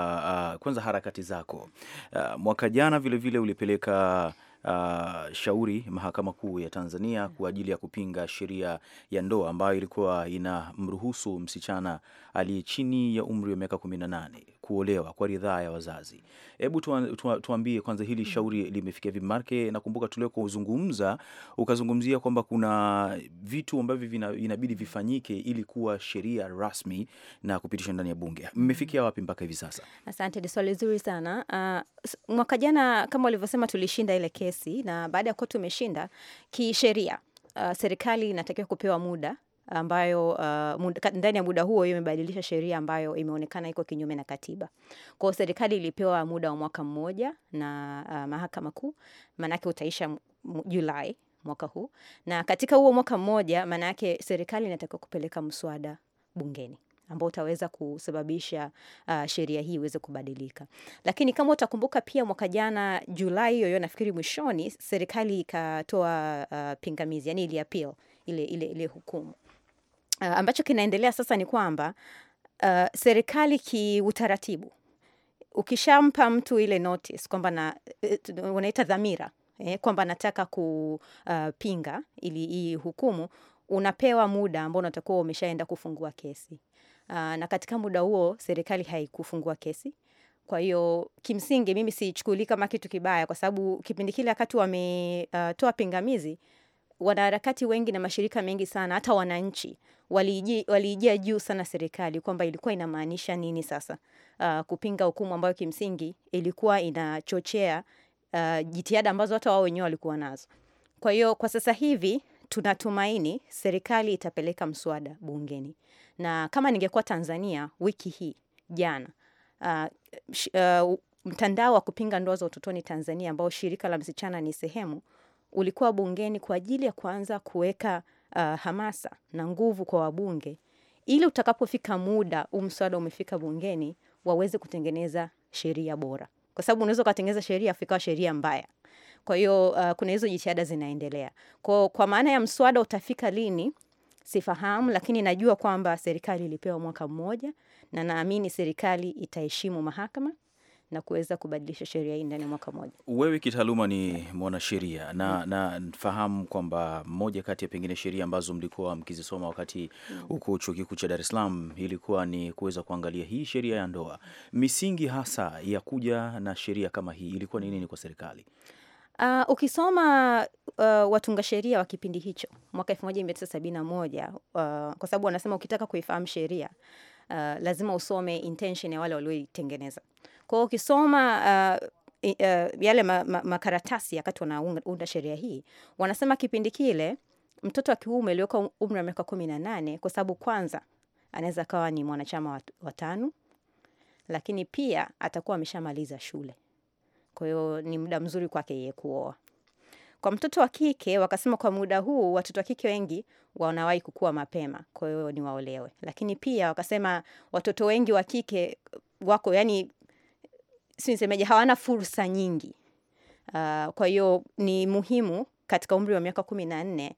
uh, kwanza harakati zako uh, mwaka jana vilevile ulipeleka uh, shauri mahakama kuu ya Tanzania kwa ajili ya kupinga sheria ya ndoa ambayo ilikuwa inamruhusu msichana aliye chini ya umri wa miaka 18 kuolewa kwa ridhaa ya wazazi. Hebu tuambie kwanza hili shauri limefikia vipi? Marke nakumbuka tulikozungumza ukazungumzia kwamba kuna vitu ambavyo vinabidi vifanyike ili kuwa sheria rasmi na kupitishwa ndani ya bunge. Mmefikia wapi mpaka hivi sasa? Asante, swali zuri sana. Uh, mwaka jana kama walivyosema tulishinda ile kesi kesi na baada ya kuwa tumeshinda kisheria, uh, serikali inatakiwa kupewa muda ambayo uh, ndani ya muda huo imebadilisha sheria ambayo imeonekana iko kinyume na katiba. Kwa hiyo serikali ilipewa muda wa mwaka mmoja na uh, mahakama kuu, maanake utaisha Julai mwaka huu, na katika huo mwaka mmoja, maanake serikali inatakiwa kupeleka mswada bungeni ambao utaweza kusababisha uh, sheria hii iweze kubadilika. Lakini kama utakumbuka pia mwaka jana Julai hiyo, nafikiri mwishoni, serikali ikatoa uh, pingamizi, yani ili appeal ile, ile, ile hukumu uh, ambacho kinaendelea sasa ni kwamba uh, serikali kiutaratibu ukishampa mtu ile notice kwamba na eh, unaita dhamira eh, kwamba nataka kupinga uh, ili hii hukumu unapewa muda ambao unatakuwa umeshaenda kufungua kesi uh, na katika muda huo serikali haikufungua kesi. Kwa hiyo kimsingi mimi sichukuli kama kitu kibaya, kwa sababu kipindi kile wakati wametoa uh, pingamizi, wanaharakati wengi na mashirika mengi sana, hata wananchi waliijia wali juu sana serikali kwamba ilikuwa inamaanisha nini sasa, uh, kupinga hukumu ambayo kimsingi ilikuwa inachochea uh, jitihada ambazo hata wao wenyewe walikuwa nazo. Kwa hiyo kwa sasa hivi tunatumaini serikali itapeleka mswada bungeni na kama ningekuwa Tanzania wiki hii jana uh, sh, uh, mtandao wa kupinga ndoa za utotoni Tanzania ambao shirika la msichana ni sehemu ulikuwa bungeni kwa ajili ya kuanza kuweka uh, hamasa na nguvu kwa wabunge ili utakapofika muda huu mswada umefika bungeni waweze kutengeneza sheria bora, kwa sababu unaweza ukatengeneza sheria afikawa sheria mbaya. Kwa hiyo uh, kuna hizo jitihada zinaendelea kwa, kwa maana ya mswada utafika lini sifahamu, lakini najua kwamba serikali ilipewa mwaka mmoja, na naamini serikali itaheshimu mahakama na kuweza kubadilisha sheria hii ndani ya mwaka mmoja. Wewe kitaaluma ni mwanasheria na nafahamu kwamba moja kati ya pengine sheria ambazo mlikuwa mkizisoma wakati huko mm. chuo kikuu cha Dar es Salaam ilikuwa ni kuweza kuangalia hii sheria ya ndoa. Misingi hasa ya kuja na sheria kama hii ilikuwa ni nini kwa serikali? Uh, ukisoma uh, watunga sheria wa kipindi hicho mwaka 1971 uh, ah, kwa sababu wanasema ukitaka kuifahamu sheria uh, lazima usome intention ya wale walioitengeneza. Kwa hiyo ukisoma uh, uh, yale makaratasi ma, makaratasi wakati wanaunda sheria hii, wanasema kipindi kile mtoto wa kiume aliyeko umri wa miaka 18 kwa sababu kwanza anaweza akawa ni mwanachama wa TANU, lakini pia atakuwa ameshamaliza shule. Kwa hiyo ni muda mzuri kwake yeye kuoa. Kwa mtoto wa kike wakasema kwa muda huu watoto wa kike wengi wanawahi kukua mapema, kwa hiyo ni waolewe. Lakini pia wakasema watoto wengi wa kike wako yani, si nisemeje, hawana fursa nyingi. Uh, kwa hiyo ni muhimu katika umri wa miaka kumi na nne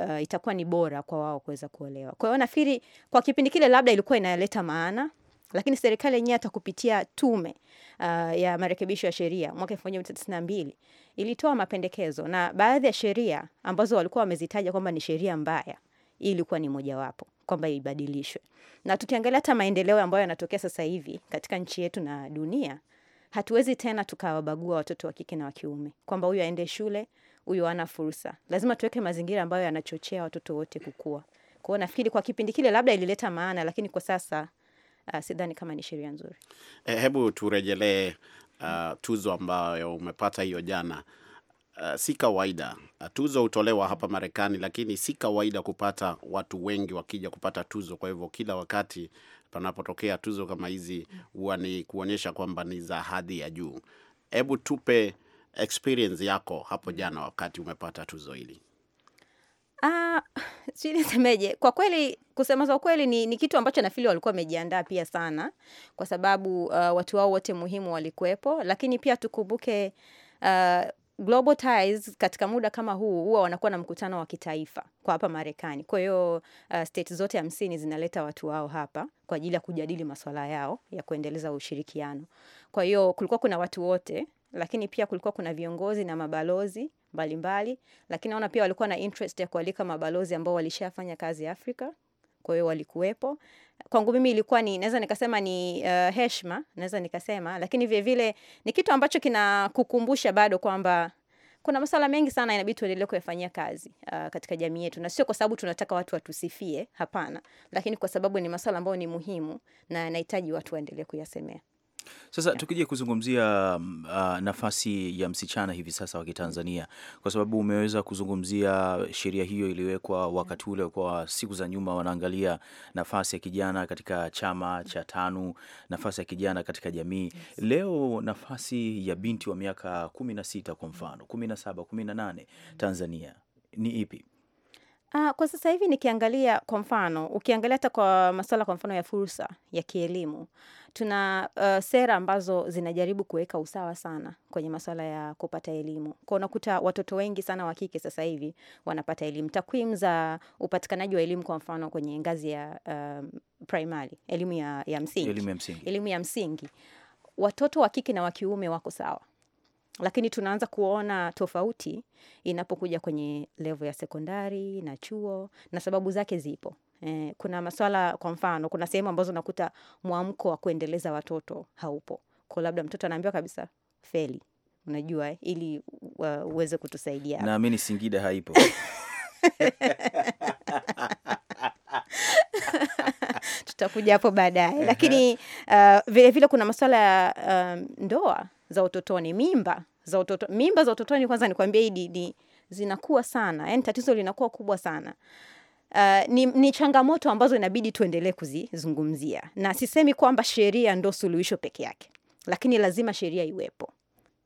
uh, itakuwa ni bora kwa wao kuweza kuolewa. Kwa hiyo nafikiri kwa kipindi kile labda ilikuwa inaleta maana, lakini serikali yenyewe hata kupitia tume uh, ya marekebisho ya sheria mwaka elfu moja mia tisa mbili ilitoa mapendekezo, na baadhi ya sheria ambazo walikuwa wamezitaja kwamba ni sheria mbaya hii ilikuwa ni mojawapo kwamba ibadilishwe. Na tukiangalia hata maendeleo ambayo yanatokea sasa hivi katika nchi yetu na dunia, hatuwezi tena tukawabagua watoto wa kike na wa kiume kwamba huyu aende shule, huyu ana fursa. Lazima tuweke mazingira ambayo yanachochea watoto wote kukua. kwao. hiyo nafikiri kwa kipindi kile labda ilileta maana, lakini kwa sasa uh, sidhani kama ni sheria nzuri. E, hebu turejelee uh, tuzo ambayo umepata hiyo jana. Uh, si kawaida uh, tuzo hutolewa hapa Marekani, lakini si kawaida kupata watu wengi wakija kupata tuzo. Kwa hivyo kila wakati panapotokea tuzo kama hizi huwa ni kuonyesha kwamba ni za hadhi ya juu. Hebu tupe experience yako hapo jana wakati umepata tuzo hili. Ah, sijui nisemeje. Kwa kweli, kusema za kweli ni, ni kitu ambacho nafili walikuwa wamejiandaa pia sana, kwa sababu uh, watu wao wote muhimu walikuwepo, lakini pia tukumbuke uh, Global Ties katika muda kama huu huwa wanakuwa na mkutano wa kitaifa kwa hapa Marekani. Kwa hiyo uh, state zote hamsini zinaleta watu wao hapa kwa ajili ya kujadili masuala yao ya kuendeleza ushirikiano. Kwa hiyo kulikuwa kuna watu wote, lakini pia kulikuwa kuna viongozi na mabalozi mbalimbali, mbali. lakini naona pia walikuwa na interest ya kualika mabalozi ambao walishafanya kazi Afrika, kwa hiyo walikuwepo. Kwangu mimi ilikuwa ni naweza nikasema ni uh, heshima naweza nikasema, lakini vile vile ni kitu ambacho kinakukumbusha bado kwamba kuna masuala mengi sana inabidi tuendelee kuyafanyia kazi uh, katika jamii yetu, na sio kwa sababu tunataka watu watusifie, hapana, lakini kwa sababu ni masuala ambayo ni muhimu na yanahitaji watu waendelee kuyasemea. Sasa tukija kuzungumzia uh, nafasi ya msichana hivi sasa wa Kitanzania, kwa sababu umeweza kuzungumzia sheria hiyo iliwekwa wakati ule, kwa siku za nyuma wanaangalia nafasi ya kijana katika chama cha TANU, nafasi ya kijana katika jamii yes. Leo nafasi ya binti wa miaka kumi na sita kwa mfano kumi na saba kumi na nane Tanzania ni ipi? Uh, kwa sasa hivi nikiangalia kwa mfano, ukiangalia hata kwa masuala kwa mfano ya fursa ya kielimu, tuna uh, sera ambazo zinajaribu kuweka usawa sana kwenye masuala ya kupata elimu. Kwa unakuta watoto wengi sana wa kike sasa hivi wanapata elimu. Takwimu za upatikanaji wa elimu kwa mfano kwenye ngazi ya uh, primary, elimu ya, ya msingi, elimu ya msingi, elimu ya msingi, watoto wa kike na wa kiume wako sawa lakini tunaanza kuona tofauti inapokuja kwenye levo ya sekondari na chuo, na sababu zake zipo. E, kuna maswala, kwa mfano, kuna sehemu ambazo unakuta mwamko wa kuendeleza watoto haupo, kwa labda mtoto anaambiwa kabisa feli, unajua, ili uweze uh, kutusaidia. Naamini Singida haipo tutakuja hapo baadaye, lakini uh, vilevile kuna maswala ya uh, ndoa za utotoni, mimba za utoto, mimba za utotoni, kwanza nikwambia hii ni zinakuwa sana, yani tatizo linakuwa kubwa sana. Uh, ni, ni changamoto ambazo inabidi tuendelee kuzizungumzia, na sisemi kwamba sheria ndo suluhisho peke yake, lakini lazima sheria iwepo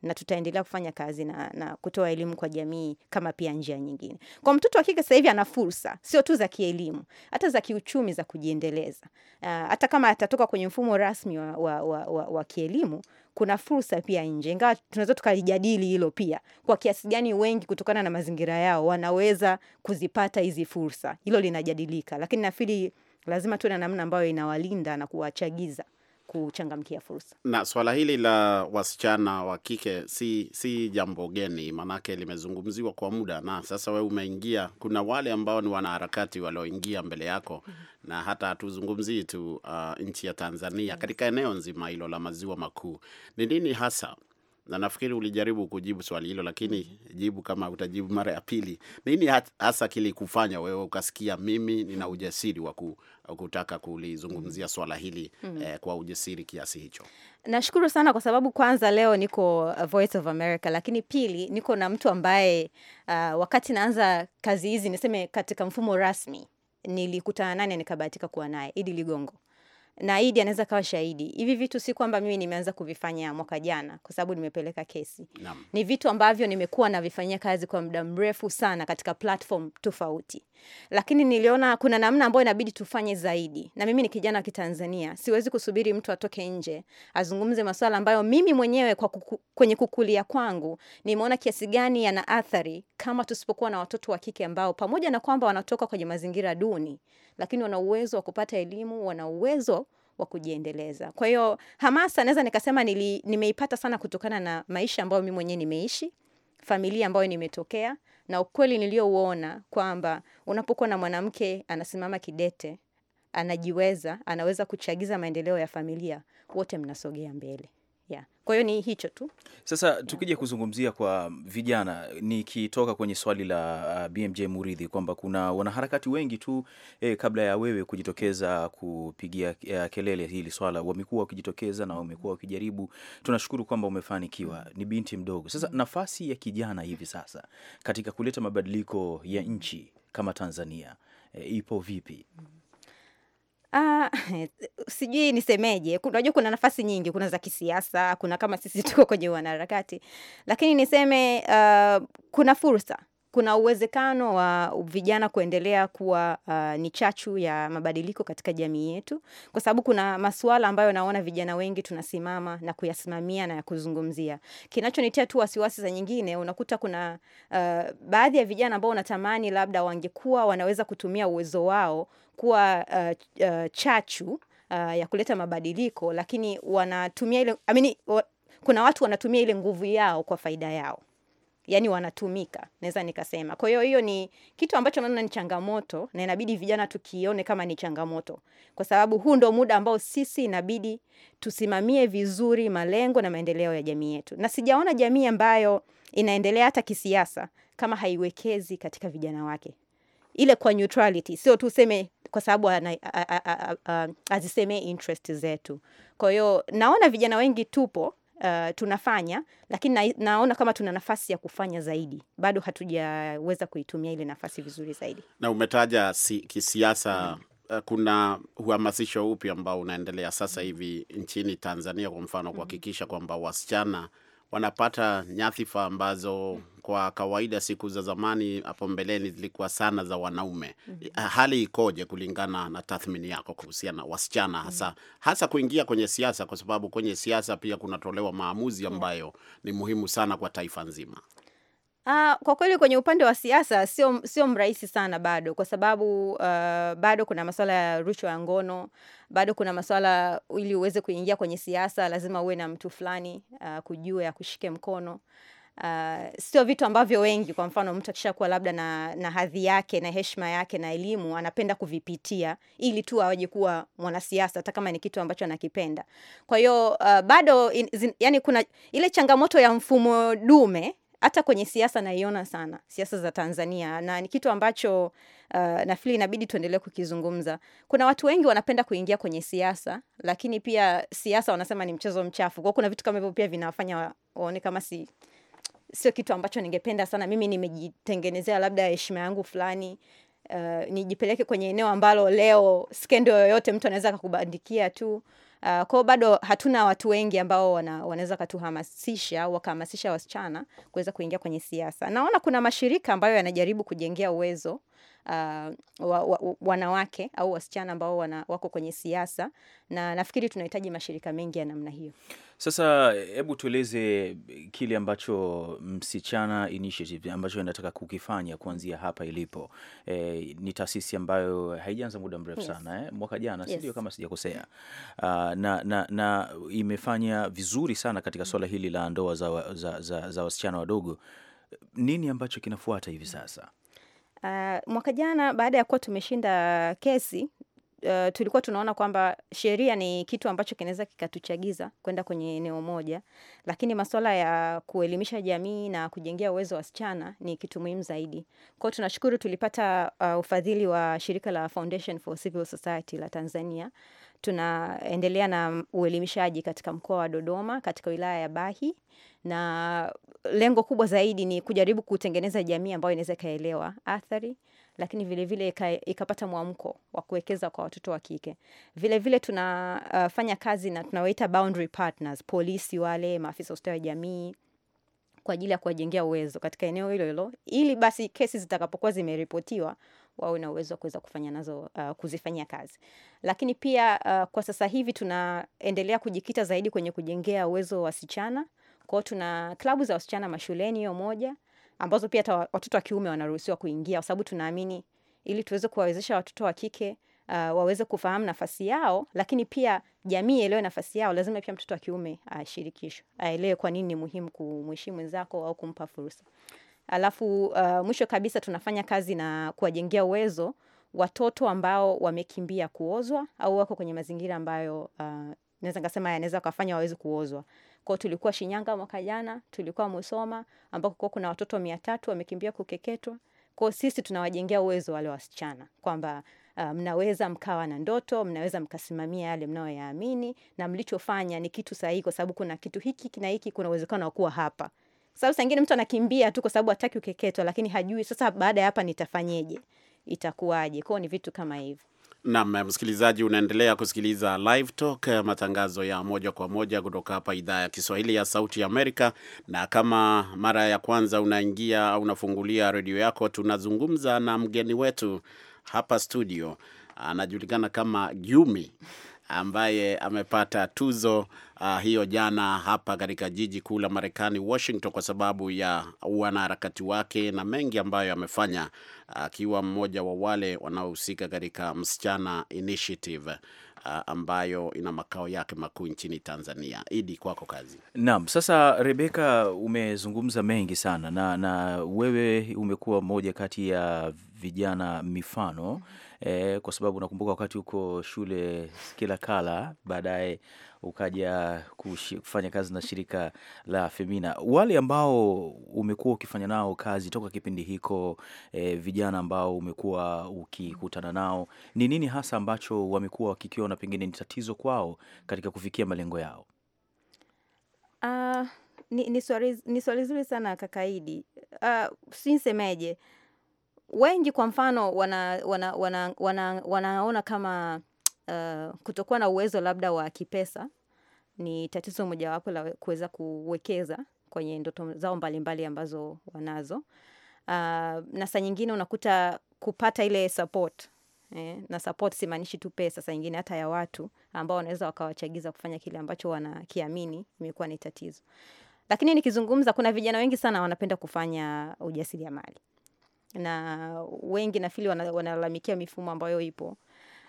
na tutaendelea kufanya kazi na, na kutoa elimu kwa jamii kama pia njia nyingine. Kwa mtoto wa kike sasa hivi ana fursa sio tu za kielimu, hata za kiuchumi za kujiendeleza. Uh, hata kama atatoka kwenye mfumo rasmi wa, wa, wa, wa, wa kielimu kuna fursa pia nje, ingawa tunaweza tukalijadili hilo pia, kwa kiasi gani wengi kutokana na mazingira yao wanaweza kuzipata hizi fursa, hilo linajadilika, lakini nafikiri lazima tuwe na namna ambayo inawalinda na kuwachagiza kuchangamkia fursa. Na swala hili la wasichana wa kike si, si jambo geni, maanake limezungumziwa kwa muda, na sasa we umeingia. Kuna wale ambao ni wanaharakati walioingia mbele yako mm -hmm. na hata hatuzungumzii tu uh, nchi ya Tanzania yes, katika eneo nzima hilo la maziwa makuu, ni nini hasa na nafikiri ulijaribu kujibu swali hilo, lakini jibu kama utajibu mara ya pili. Nini hasa kilikufanya wewe ukasikia mimi nina ujasiri wa kutaka kulizungumzia swala hili mm -hmm. eh, kwa ujasiri kiasi hicho? Nashukuru sana kwa sababu kwanza leo niko uh, Voice of America, lakini pili niko na mtu ambaye uh, wakati naanza kazi hizi niseme katika mfumo rasmi nilikutana naye nikabahatika kuwa naye Idi Ligongo na Idi anaweza kawa shahidi. Hivi vitu si kwamba mimi nimeanza kuvifanya mwaka jana, kwa sababu nimepeleka kesi. Naam. Ni vitu ambavyo nimekuwa navifanyia kazi kwa muda mrefu sana katika platform tofauti, lakini niliona kuna namna ambayo inabidi tufanye zaidi, na mimi ni kijana wa Kitanzania, siwezi kusubiri mtu atoke nje azungumze masuala ambayo mimi mwenyewe kwa kuku, kwenye kukulia kwangu nimeona kiasi gani yana athari, kama tusipokuwa na watoto wa kike ambao pamoja na kwamba wanatoka kwenye mazingira duni lakini wana uwezo wa kupata elimu, wana uwezo wa kujiendeleza. Kwa hiyo hamasa naweza nikasema nili, nimeipata sana kutokana na maisha ambayo mimi mwenyewe nimeishi, familia ambayo nimetokea na ukweli niliouona kwamba unapokuwa na mwanamke anasimama kidete, anajiweza, anaweza kuchagiza maendeleo ya familia, wote mnasogea mbele yeah. Kwa hiyo ni hicho tu. Sasa tukija kuzungumzia kwa vijana, nikitoka kwenye swali la uh, BMJ Muridhi kwamba kuna wanaharakati wengi tu eh, kabla ya wewe kujitokeza kupigia eh, kelele hili swala, wamekuwa wakijitokeza na wamekuwa wakijaribu. Tunashukuru kwamba umefanikiwa, ni binti mdogo. Sasa mm. nafasi ya kijana hivi sasa katika kuleta mabadiliko ya nchi kama Tanzania eh, ipo vipi? Mm. Ah, sijui nisemeje. Unajua kuna nafasi nyingi, kuna za kisiasa, kuna kama sisi tuko kwenye wanaharakati, lakini niseme uh, kuna fursa kuna uwezekano wa vijana kuendelea kuwa uh, ni chachu ya mabadiliko katika jamii yetu, kwa sababu kuna masuala ambayo naona vijana wengi tunasimama na kuyasimamia na ya kuzungumzia. Kinachonitia tu wasiwasi za nyingine, unakuta kuna uh, baadhi ya vijana ambao unatamani labda wangekuwa wanaweza kutumia uwezo wao kuwa uh, uh, chachu uh, ya kuleta mabadiliko, lakini wanatumia ile I mean, wa, kuna watu wanatumia ile nguvu yao kwa faida yao, yani wanatumika, naweza nikasema. Kwa hiyo hiyo ni kitu ambacho naona ni changamoto, na inabidi vijana tukione kama ni changamoto, kwa sababu huu ndo muda ambao sisi inabidi tusimamie vizuri malengo na maendeleo ya jamii yetu, na sijaona jamii ambayo inaendelea hata kisiasa kama haiwekezi katika vijana wake ile kwa neutrality, sio tuseme kwa sababu azisemee interest zetu. Kwa hiyo naona vijana wengi tupo Uh, tunafanya lakini na, naona kama tuna nafasi ya kufanya zaidi, bado hatujaweza kuitumia ile nafasi vizuri zaidi. Na umetaja si, kisiasa mm. Uh, kuna uhamasisho upi ambao unaendelea sasa hivi nchini Tanzania, kwa mfano mhm. kuhakikisha kwamba wasichana wanapata nyadhifa ambazo kwa kawaida siku za zamani hapo mbeleni zilikuwa sana za wanaume. mm -hmm. Hali ikoje kulingana na tathmini yako kuhusiana na wasichana mhm. hasa, mm -hmm. hasa kuingia kwenye siasa, kwa sababu kwenye siasa pia kunatolewa maamuzi ambayo, yeah. ni muhimu sana kwa taifa nzima? Uh, kwa kweli kwenye upande wa siasa sio sio mrahisi sana bado kwa sababu uh, bado kuna masuala ya rushwa ya ngono, bado kuna masuala ili uweze kuingia kwenye siasa lazima uwe na mtu fulani uh, kujua ya kushike mkono. Uh, sio vitu ambavyo wengi, kwa mfano mtu akishakuwa labda na, na hadhi yake na heshima yake na elimu, anapenda kuvipitia ili tu awaje kuwa mwanasiasa, hata kama ni kitu ambacho anakipenda. Kwa hiyo uh, bado in, zin, yani kuna ile changamoto ya mfumo dume hata kwenye siasa naiona sana siasa za Tanzania, na ni kitu ambacho uh, nafikiri inabidi tuendelee kukizungumza. Kuna watu wengi wanapenda kuingia kwenye siasa, lakini pia siasa wanasema ni mchezo mchafu. Kwa kuna vitu kama hivyo pia vinawafanya waone kama si sio kitu ambacho ningependa sana mimi. Nimejitengenezea labda heshima yangu fulani uh, nijipeleke kwenye eneo ambalo leo skendo yoyote mtu anaweza kukubandikia tu. Uh, ah, kwao bado hatuna watu wengi ambao wana, wanaweza katuhamasisha wakahamasisha wasichana kuweza kuingia kwenye siasa. Naona kuna mashirika ambayo yanajaribu kujengea uwezo uh, wa, wa, wanawake au wasichana ambao wana, wako kwenye siasa, na nafikiri tunahitaji mashirika mengi ya namna hiyo. Sasa hebu tueleze kile ambacho Msichana Initiative ambacho inataka kukifanya kuanzia hapa ilipo. E, ni taasisi ambayo haijaanza muda mrefu yes. sana eh? mwaka jana yes. sindio kama sijakosea. Uh, na, na, na imefanya vizuri sana katika swala hili la ndoa za, za, za, za wasichana wadogo. Nini ambacho kinafuata hivi sasa? Uh, mwaka jana baada ya kuwa tumeshinda kesi uh, tulikuwa tunaona kwamba sheria ni kitu ambacho kinaweza kikatuchagiza kwenda kwenye eneo moja, lakini masuala ya kuelimisha jamii na kujengea uwezo wasichana ni kitu muhimu zaidi. Kwa hiyo tunashukuru tulipata uh, ufadhili wa shirika la Foundation for Civil Society la Tanzania. Tunaendelea na uelimishaji katika mkoa wa Dodoma katika wilaya ya Bahi na lengo kubwa zaidi ni kujaribu kutengeneza jamii ambayo inaweza ikaelewa athari, lakini vilevile vile ikapata mwamko wa kuwekeza kwa watoto wa kike. Vilevile tunafanya uh, kazi na tunawaita boundary partners, polisi wale, maafisa ustawi wa jamii kwa ajili ya kuwajengea uwezo katika eneo hilo hilo, ili basi kesi zitakapokuwa zimeripotiwa wawe na uwezo wa kuweza kufanya nazo uh, kuzifanyia kazi. Lakini pia uh, kwa sasa hivi tunaendelea kujikita zaidi kwenye kujengea uwezo wa wasichana kwao. tuna klabu za wasichana mashuleni, hiyo moja, ambazo pia hata watoto wa kiume wanaruhusiwa kuingia, kwa sababu tunaamini ili tuweze kuwawezesha watoto wa kike uh, waweze kufahamu nafasi yao, lakini pia jamii ielewe nafasi yao, lazima pia mtoto wa kiume ashirikishwe, uh, aelewe uh, kwa nini ni muhimu kumheshimu mwenzako au kumpa fursa. Alafu uh, mwisho kabisa tunafanya kazi na kuwajengea uwezo watoto ambao wamekimbia kuozwa au wako kwenye mazingira ambayo uh, naweza nikasema yanaweza kafanya waweze kuozwa kwao. tulikuwa Shinyanga mwaka jana, tulikuwa Musoma ambako kwa kuna watoto mia tatu wamekimbia kukeketwa. Kwao sisi tunawajengea uwezo wale wasichana kwamba uh, mnaweza mkawa na ndoto, mnaweza mkasimamia yale mnayoyaamini na mlichofanya ni kitu sahihi, kwa sababu kuna kitu hiki na hiki, kuna uwezekano wa kuwa hapa. Sababu saa ingine mtu anakimbia tu kwa sababu hataki ukeketwa, lakini hajui sasa, baada ya hapa nitafanyeje, itakuwaje? Kwao ni vitu kama hivyo. Nam msikilizaji, unaendelea kusikiliza Live Talk, matangazo ya moja kwa moja kutoka hapa idhaa ya Kiswahili ya Sauti ya Amerika. Na kama mara ya kwanza unaingia au unafungulia redio yako, tunazungumza na mgeni wetu hapa studio, anajulikana kama Jumi ambaye amepata tuzo uh, hiyo jana hapa katika jiji kuu la Marekani Washington, kwa sababu ya wanaharakati wake na mengi ambayo amefanya akiwa uh, mmoja wa wale wanaohusika katika Msichana Initiative ah, ambayo ina makao yake makuu nchini Tanzania. Idi, kwako kazi. Naam, sasa Rebeka, umezungumza mengi sana na, na wewe umekuwa mmoja kati ya vijana mifano e, kwa sababu nakumbuka wakati huko shule kala, baadaye ukaja kufanya kazi na shirika la Femina. Wale ambao umekuwa ukifanya nao kazi toka kipindi hiko, e, vijana ambao umekuwa ukikutana nao, ni nini hasa ambacho wamekuwa wakikiona pengine ni tatizo kwao katika kufikia malengo yao? Uh, ni, ni swali zuri sana Kakaidi. Uh, ah, si nisemeje wengi kwa mfano wanaona wana, wana, wana, wana kama uh, kutokuwa na uwezo labda wa kipesa ni tatizo mojawapo la kuweza kuwekeza kwenye ndoto zao mbalimbali mbali ambazo wanazo uh, na saa nyingine unakuta kupata ile support eh, na support simaanishi tu pesa, saa nyingine hata ya watu ambao wanaweza wakawachagiza kufanya kile ambacho wanakiamini, imekuwa ni tatizo. Lakini nikizungumza, kuna vijana wengi sana wanapenda kufanya ujasiriamali na wengi nafili wanalalamikia mifumo ambayo ipo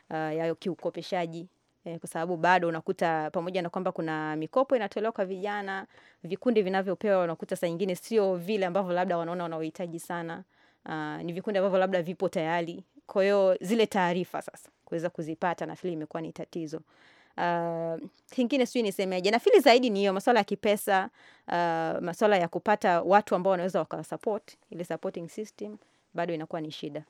uh, ya kiukopeshaji eh, kwa sababu bado unakuta pamoja na kwamba kuna mikopo inatolewa kwa vijana, vikundi vinavyopewa unakuta saa nyingine sio vile ambavyo labda wanaona wanaohitaji sana. Uh, ni vikundi ambavyo labda vipo tayari, kwa hiyo zile taarifa sasa kuweza kuzipata nafili imekuwa ni tatizo uh, kingine sijui nisemeje, nafili zaidi ni hiyo maswala ya kipesa, uh, maswala ya kupata watu ambao wanaweza wakasupport, ile supporting system bado inakuwa ni shida.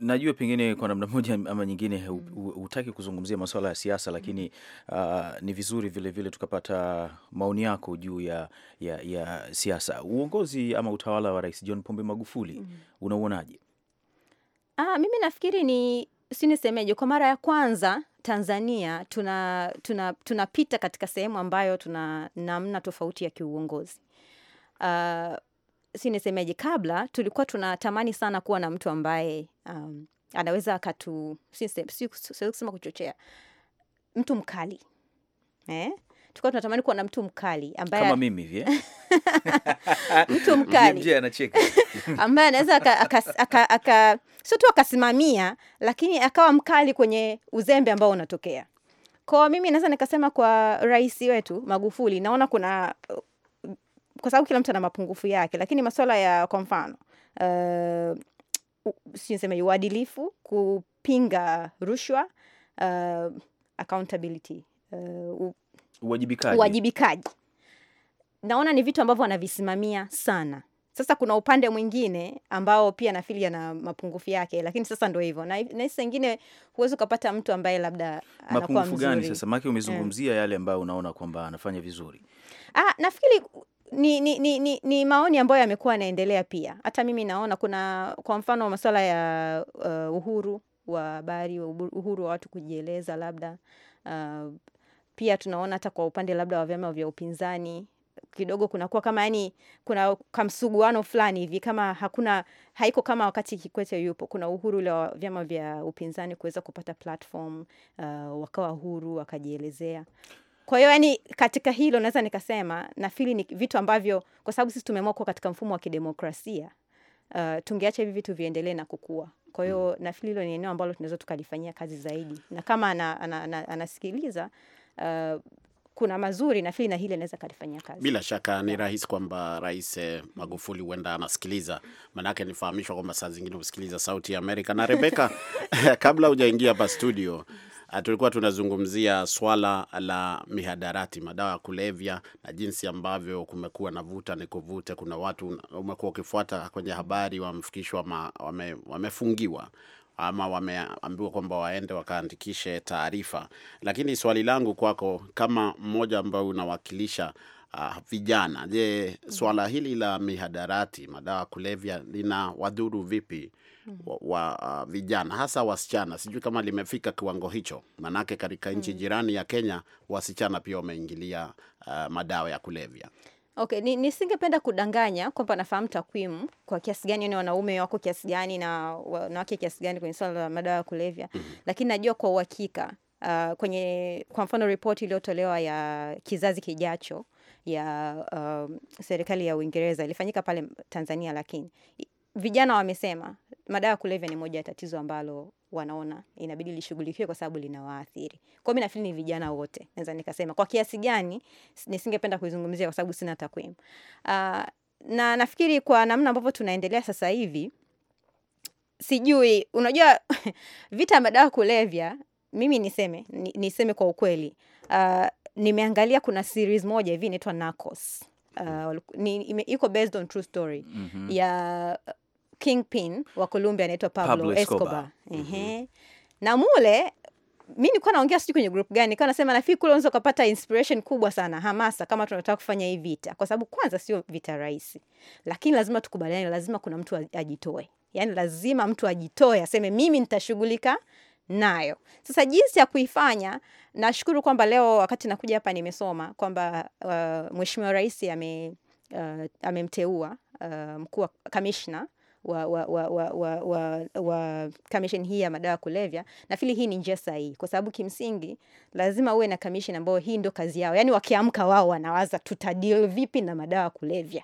Najua pengine kwa namna moja ama nyingine hutaki kuzungumzia masuala ya siasa, lakini uh, ni vizuri vilevile vile tukapata maoni yako juu ya, ya, ya siasa, uongozi ama utawala wa Rais John Pombe Magufuli. mm Unauonaje? Ah, mimi nafikiri ni si nisemeje, kwa mara ya kwanza Tanzania tunapita tuna, tuna katika sehemu ambayo tuna namna tofauti ya kiuongozi uh, ah, si nisemeje, kabla tulikuwa tunatamani sana kuwa na mtu ambaye um, anaweza akatu, siwezi kusema kuchochea, mtu mkali eh? tulikuwa tunatamani kuwa na mtu mkali ambaye kama mimi hivi eh? mtu mkali anacheka ambaye anaweza aka sio tu akasimamia, lakini akawa mkali kwenye uzembe ambao unatokea. Kwa mimi naweza nikasema kwa rais wetu Magufuli, naona kuna kwa sababu kila mtu ana mapungufu yake, lakini masuala ya kwa mfano uh, eh, siseme uadilifu, kupinga rushwa, uh, accountability uh, uwajibikaji, uwajibikaji. Naona ni vitu ambavyo wanavisimamia sana. Sasa kuna upande mwingine ambao pia nafili yana mapungufu yake, lakini sasa ndo hivyo, na nahisi ingine huwezi ukapata mtu ambaye labda mapungufu gani sasa maki umezungumzia yeah, yale ambayo unaona kwamba anafanya vizuri. Ah, nafikiri ni, ni, ni, ni, ni maoni ambayo yamekuwa yanaendelea pia. Hata mimi naona kuna kwa mfano masuala ya uh, uhuru wa habari, uhuru wa watu kujieleza labda uh, pia tunaona hata kwa upande labda wa vyama vya upinzani kidogo kunakuwa kama yani kuna kamsuguano fulani hivi, kama hakuna haiko kama wakati Kikwete yupo, kuna uhuru ule wa vyama vya upinzani kuweza kupata platform uh, wakawa huru wakajielezea. Kwa hiyo yani, katika hilo naweza nikasema nafili ni vitu ambavyo kwa sababu sisi tumeamua kuwa katika mfumo wa kidemokrasia uh, tungeacha hivi vitu viendelee na kukua. Kwa hiyo mm, nafili hilo ni eneo ambalo tunaweza tukalifanyia kazi zaidi, na kama anasikiliza ana, ana, ana, ana uh, kuna mazuri nafikiri na hili anaweza kalifanyia kazi. Bila shaka ni rahisi kwamba Rais eh, Magufuli huenda anasikiliza, maanake nifahamishwa kwamba saa zingine husikiliza Sauti ya Amerika. Na Rebeka, kabla hujaingia hapa studio ah, tulikuwa tunazungumzia swala la mihadarati, madawa ya kulevya na jinsi ambavyo kumekuwa na vuta ni kuvute. Kuna watu umekuwa ukifuata kwenye habari wamefikishwa, wame, wamefungiwa ama wameambiwa kwamba waende wakaandikishe taarifa. Lakini swali langu kwako kama mmoja ambayo unawakilisha uh, vijana, je, swala mm-hmm. hili la mihadarati, madawa ya kulevya lina wadhuru vipi mm-hmm. wa, wa uh, vijana hasa wasichana? Sijui kama limefika kiwango hicho, maanake katika nchi mm-hmm. jirani ya Kenya wasichana pia wameingilia uh, madawa ya kulevya. Okay, ni nisingependa kudanganya kwamba nafahamu takwimu kwa kiasi gani, ni yaani wanaume wako kiasi gani na wanawake kiasi gani kwenye swala la madawa ya kulevya mm -hmm. Lakini najua kwa uhakika uh, kwenye kwa mfano ripoti iliyotolewa ya kizazi kijacho ya uh, serikali ya Uingereza ilifanyika pale Tanzania, lakini vijana wamesema madawa ya kulevya ni moja ya tatizo ambalo wanaona inabidi lishughulikiwe kwa sababu linawaathiri. Kwa mimi nafikiri ni vijana wote, naweza nikasema kwa kiasi gani, nisingependa kuizungumzia kwa sababu sina takwimu uh, na nafikiri kwa namna ambavyo tunaendelea sasa hivi, sijui, unajua vita ya madawa kulevya, mimi niseme niseme kwa ukweli uh, nimeangalia kuna series moja hivi inaitwa Narcos. Uh, ni, ime, iko based on true story mm -hmm. ya kingpin wa Colombia anaitwa Pablo, Pablo Escobar, Escobar. Mm-hmm. na mule mi nilikuwa naongea sijui kwenye group gani, nikawa nasema nafikiri kule unaweza ukapata inspiration kubwa sana, hamasa kama tunataka kufanya hii vita, kwa sababu kwanza sio vita rahisi, lakini lazima tukubaliane, lazima kuna mtu ajitoe, yani lazima mtu ajitoe, aseme mimi nitashughulika nayo. Sasa jinsi ya kuifanya, nashukuru kwamba leo wakati nakuja hapa nimesoma kwamba uh, Mheshimiwa Rais ame, uh, amemteua uh, mkuu kamishna wa, wa, wa, wa, wa, wa, wa kamishen hii ya madawa ya kulevya, nafili hii ni njia sahihi, kwa sababu kimsingi lazima uwe na kamishen ambayo hii ndo kazi yao, yani wakiamka wao wanawaza tutadil vipi na madawa kulevya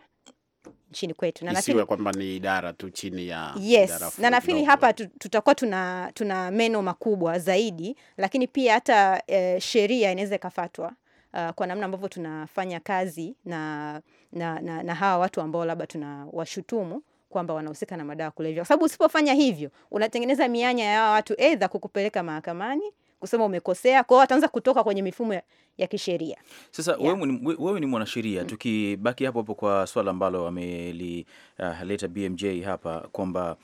nchini kwetu na nafili kwamba ni idara tu chini ya yes, na nafikiri hapa tutakuwa tuna, tuna meno makubwa zaidi, lakini pia hata e, sheria inaweza ikafatwa Uh, kwa namna ambavyo tunafanya kazi na, na, na, na hawa watu ambao labda tunawashutumu kwamba wanahusika na madawa kulevya, kwa sababu usipofanya hivyo unatengeneza mianya ya watu aidha kukupeleka mahakamani kusema umekosea, kwao wataanza kutoka kwenye mifumo ya, ya kisheria. Sasa wewe ni mwanasheria, mm. tukibaki hapo hapo kwa swala ambalo amelileta uh, BMJ hapa kwamba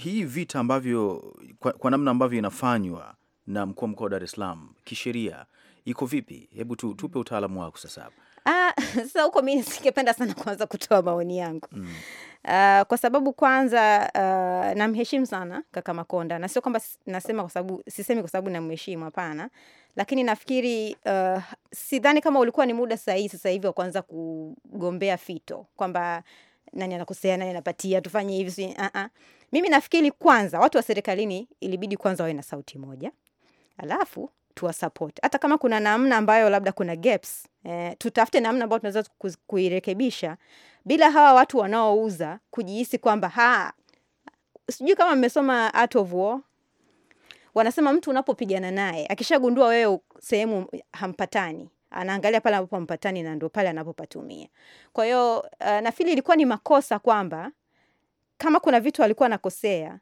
hii vita ambavyo kwa, kwa namna ambavyo inafanywa na mkuu wa mkoa wa Dar es Salaam kisheria iko vipi? Hebu tu, tupe mm. utaalamu wako sasa hapa. Ah, sasa huko mimi singependa sana kuanza kutoa maoni yangu mm. Uh, kwa sababu kwanza uh, namheshimu sana kaka Makonda, na sio kwamba nasema kwa sababu, sisemi kwa sababu namheshimu, hapana, lakini nafikiri uh, sidhani kama ulikuwa ni muda sahihi sasa hivi wa kuanza kugombea fito kwamba nani anakosea, nani anapatia, tufanye hivi si uh -uh. Mimi nafikiri kwanza watu wa serikalini ilibidi kwanza wawe na sauti moja, alafu tuwa support hata kama kuna namna ambayo labda kuna gaps eh, tutafute namna ambayo tunaweza kuirekebisha bila hawa watu wanaouza kujihisi kwamba ha, sijui kama mmesoma Art of War. Wanasema mtu unapopigana naye akishagundua wewe sehemu hampatani anaangalia pale ambapo hampatani na ndio pale anapopatumia. Kwa hiyo uh, nafikiri ilikuwa ni makosa kwamba kama kuna vitu alikuwa anakosea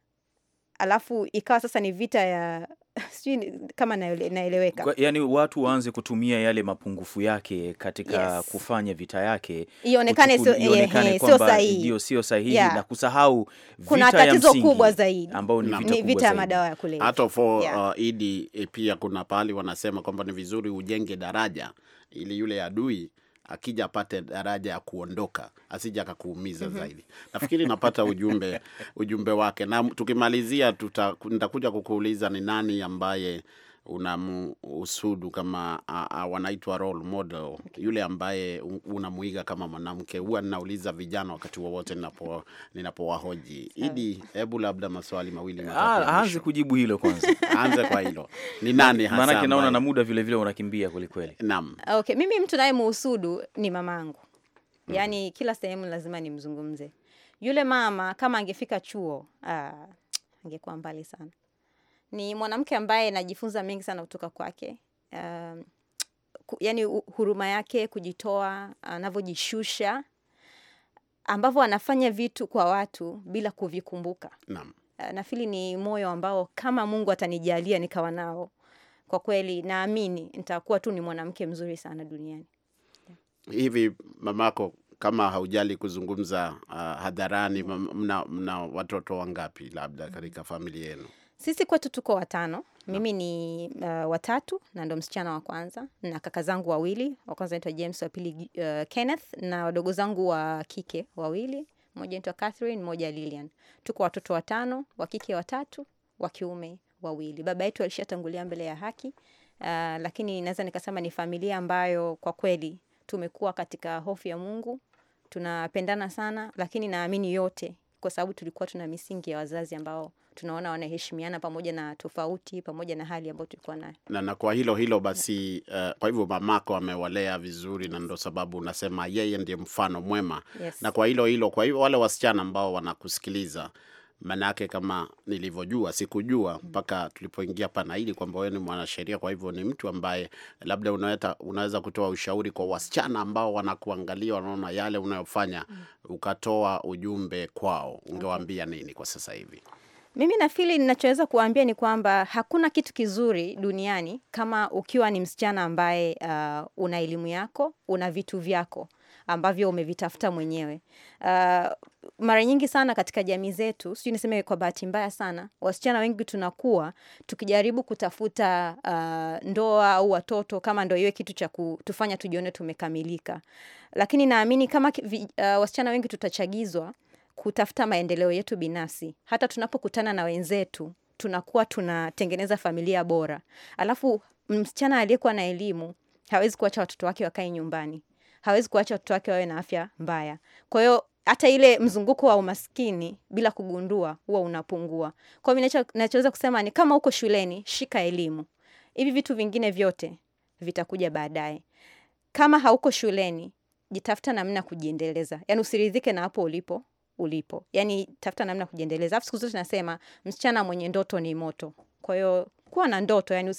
alafu ikawa sasa ni vita ya sijui kama naeleweka yani watu waanze kutumia yale mapungufu yake katika yes. kufanya vita yake ionekane sio eh, eh, sahihi, ndio sio sahihi yeah. na kusahau kuna tatizo kubwa zaidi ambao ni vita, vita ya madawa ya kulevya. Hata for yeah. uh, idi eh, pia kuna pahali wanasema kwamba ni vizuri ujenge daraja ili yule adui akija apate daraja ya kuondoka, asija akakuumiza mhm. zaidi. Nafikiri napata ujumbe ujumbe wake, na tukimalizia, nitakuja kukuuliza ni nani ambaye unamuhusudu kama wanaitwa role model, yule ambaye unamuiga kama mwanamke. Huwa ninauliza vijana wakati wowote ninapo ninapowahoji. Idi, hebu labda maswali mawili ah, aanze kujibu hilo kwanza. Aanze kwa hilo, ni nani hasa? naona na muda vile vile unakimbia kwelikweli. Naam, okay. Mimi mtu naye muhusudu ni mamangu, mm. yaani hmm. Kila sehemu lazima nimzungumze yule mama. Kama angefika chuo, aa, ah, angekuwa mbali sana. Ni mwanamke ambaye najifunza mengi sana kutoka kwake. Um, ku, yani huruma yake, kujitoa, anavyojishusha, ambavyo anafanya vitu kwa watu bila kuvikumbuka. Naam. Eh, nafili ni moyo ambao kama Mungu atanijalia nikawa nao, kwa kweli naamini nitakuwa tu ni mwanamke mzuri sana duniani. Hivi mamako kama haujali kuzungumza uh, hadharani, mm. mna, mna watoto wangapi labda katika familia yenu? Sisi kwetu tuko watano mimi ni uh, watatu na ndo msichana wa kwanza na kaka zangu wawili, wa kwanza naitwa James, wa pili uh, Kenneth, na wadogo zangu wa kike wawili, moja naitwa Catherine, moja Lilian. Tuko watoto watano, wa kike watatu, wa kiume wawili. Baba yetu alishatangulia mbele ya haki uh, lakini naweza nikasema ni familia ambayo kwa kweli tumekuwa katika hofu ya Mungu, tunapendana sana, lakini naamini yote kwa sababu tulikuwa tuna misingi ya wazazi ambao tunaona wanaheshimiana pamoja na tofauti, pamoja na hali ambayo tulikuwa nayo. Na, na kwa hilo hilo basi uh, kwa hivyo mamako amewalea vizuri, na ndo sababu unasema yeye ndiye mfano mwema yes. Na kwa hilo hilo, kwa hivyo wale wasichana ambao wanakusikiliza Manake kama nilivyojua, sikujua mm. mpaka tulipoingia pana hili kwamba wewe ni mwanasheria, kwa hivyo ni mtu ambaye labda unaweta, unaweza kutoa ushauri kwa wasichana ambao wanakuangalia, wanaona yale unayofanya, mm. ukatoa ujumbe kwao, ungewaambia nini kwa sasa hivi? Mimi nafili ninachoweza kuwambia ni kwamba hakuna kitu kizuri duniani kama ukiwa ni msichana ambaye uh, una elimu yako, una vitu vyako ambavyo umevitafuta mwenyewe. Uh, mara nyingi sana katika jamii zetu, sijui niseme kwa bahati mbaya sana, wasichana wengi tunakuwa tukijaribu kutafuta uh, ndoa au watoto, kama ndo iwe kitu cha kutufanya tujione tumekamilika, lakini naamini kama uh, wasichana wengi tutachagizwa kutafuta maendeleo yetu binafsi. Hata tunapokutana na wenzetu tunakuwa tunatengeneza familia bora. Alafu msichana aliyekuwa na elimu hawezi kuacha watoto wake wakae nyumbani, hawezi kuacha watoto wake wawe na afya mbaya. Kwa hiyo hata ile mzunguko wa umaskini bila kugundua huwa unapungua. Kwa mi nachoweza kusema ni kama uko shuleni, shika elimu. Hivi vitu vingine vyote vitakuja baadaye. Kama hauko shuleni, jitafuta namna ya kujiendeleza, yaani usiridhike na hapo ulipo, ulipo. Yani tafuta namna kujiendeleza. Afu siku zote nasema msichana mwenye ndoto ni moto, kwa hiyo kuwa na ndoto yani,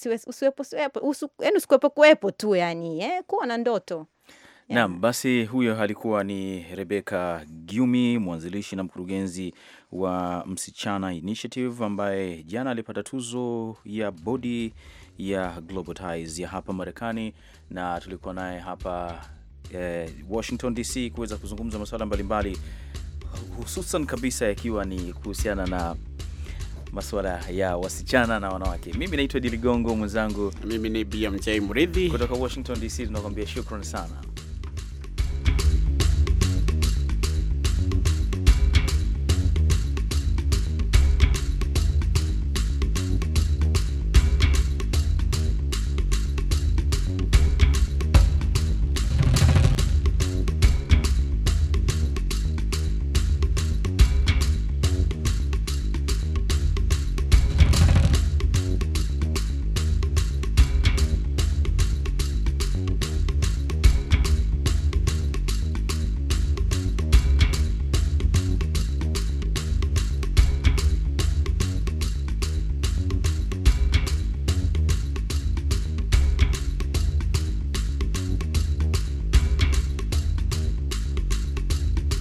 yaani usikuwepo kuwepo tu yani, eh, kuwa na ndoto. Yaani Naam, basi huyo alikuwa ni rebeka Gyumi, mwanzilishi na mkurugenzi wa Msichana Initiative ambaye jana alipata tuzo ya bodi ya Globalize ya hapa Marekani, na tulikuwa naye hapa eh, Washington DC kuweza kuzungumza masuala mbalimbali hususan kabisa yakiwa ni kuhusiana na masuala ya wasichana na wanawake. Mimi naitwa Diligongo, mwenzangu mimi ni BMJ Mridhi kutoka Washington DC, tunakuambia shukran sana.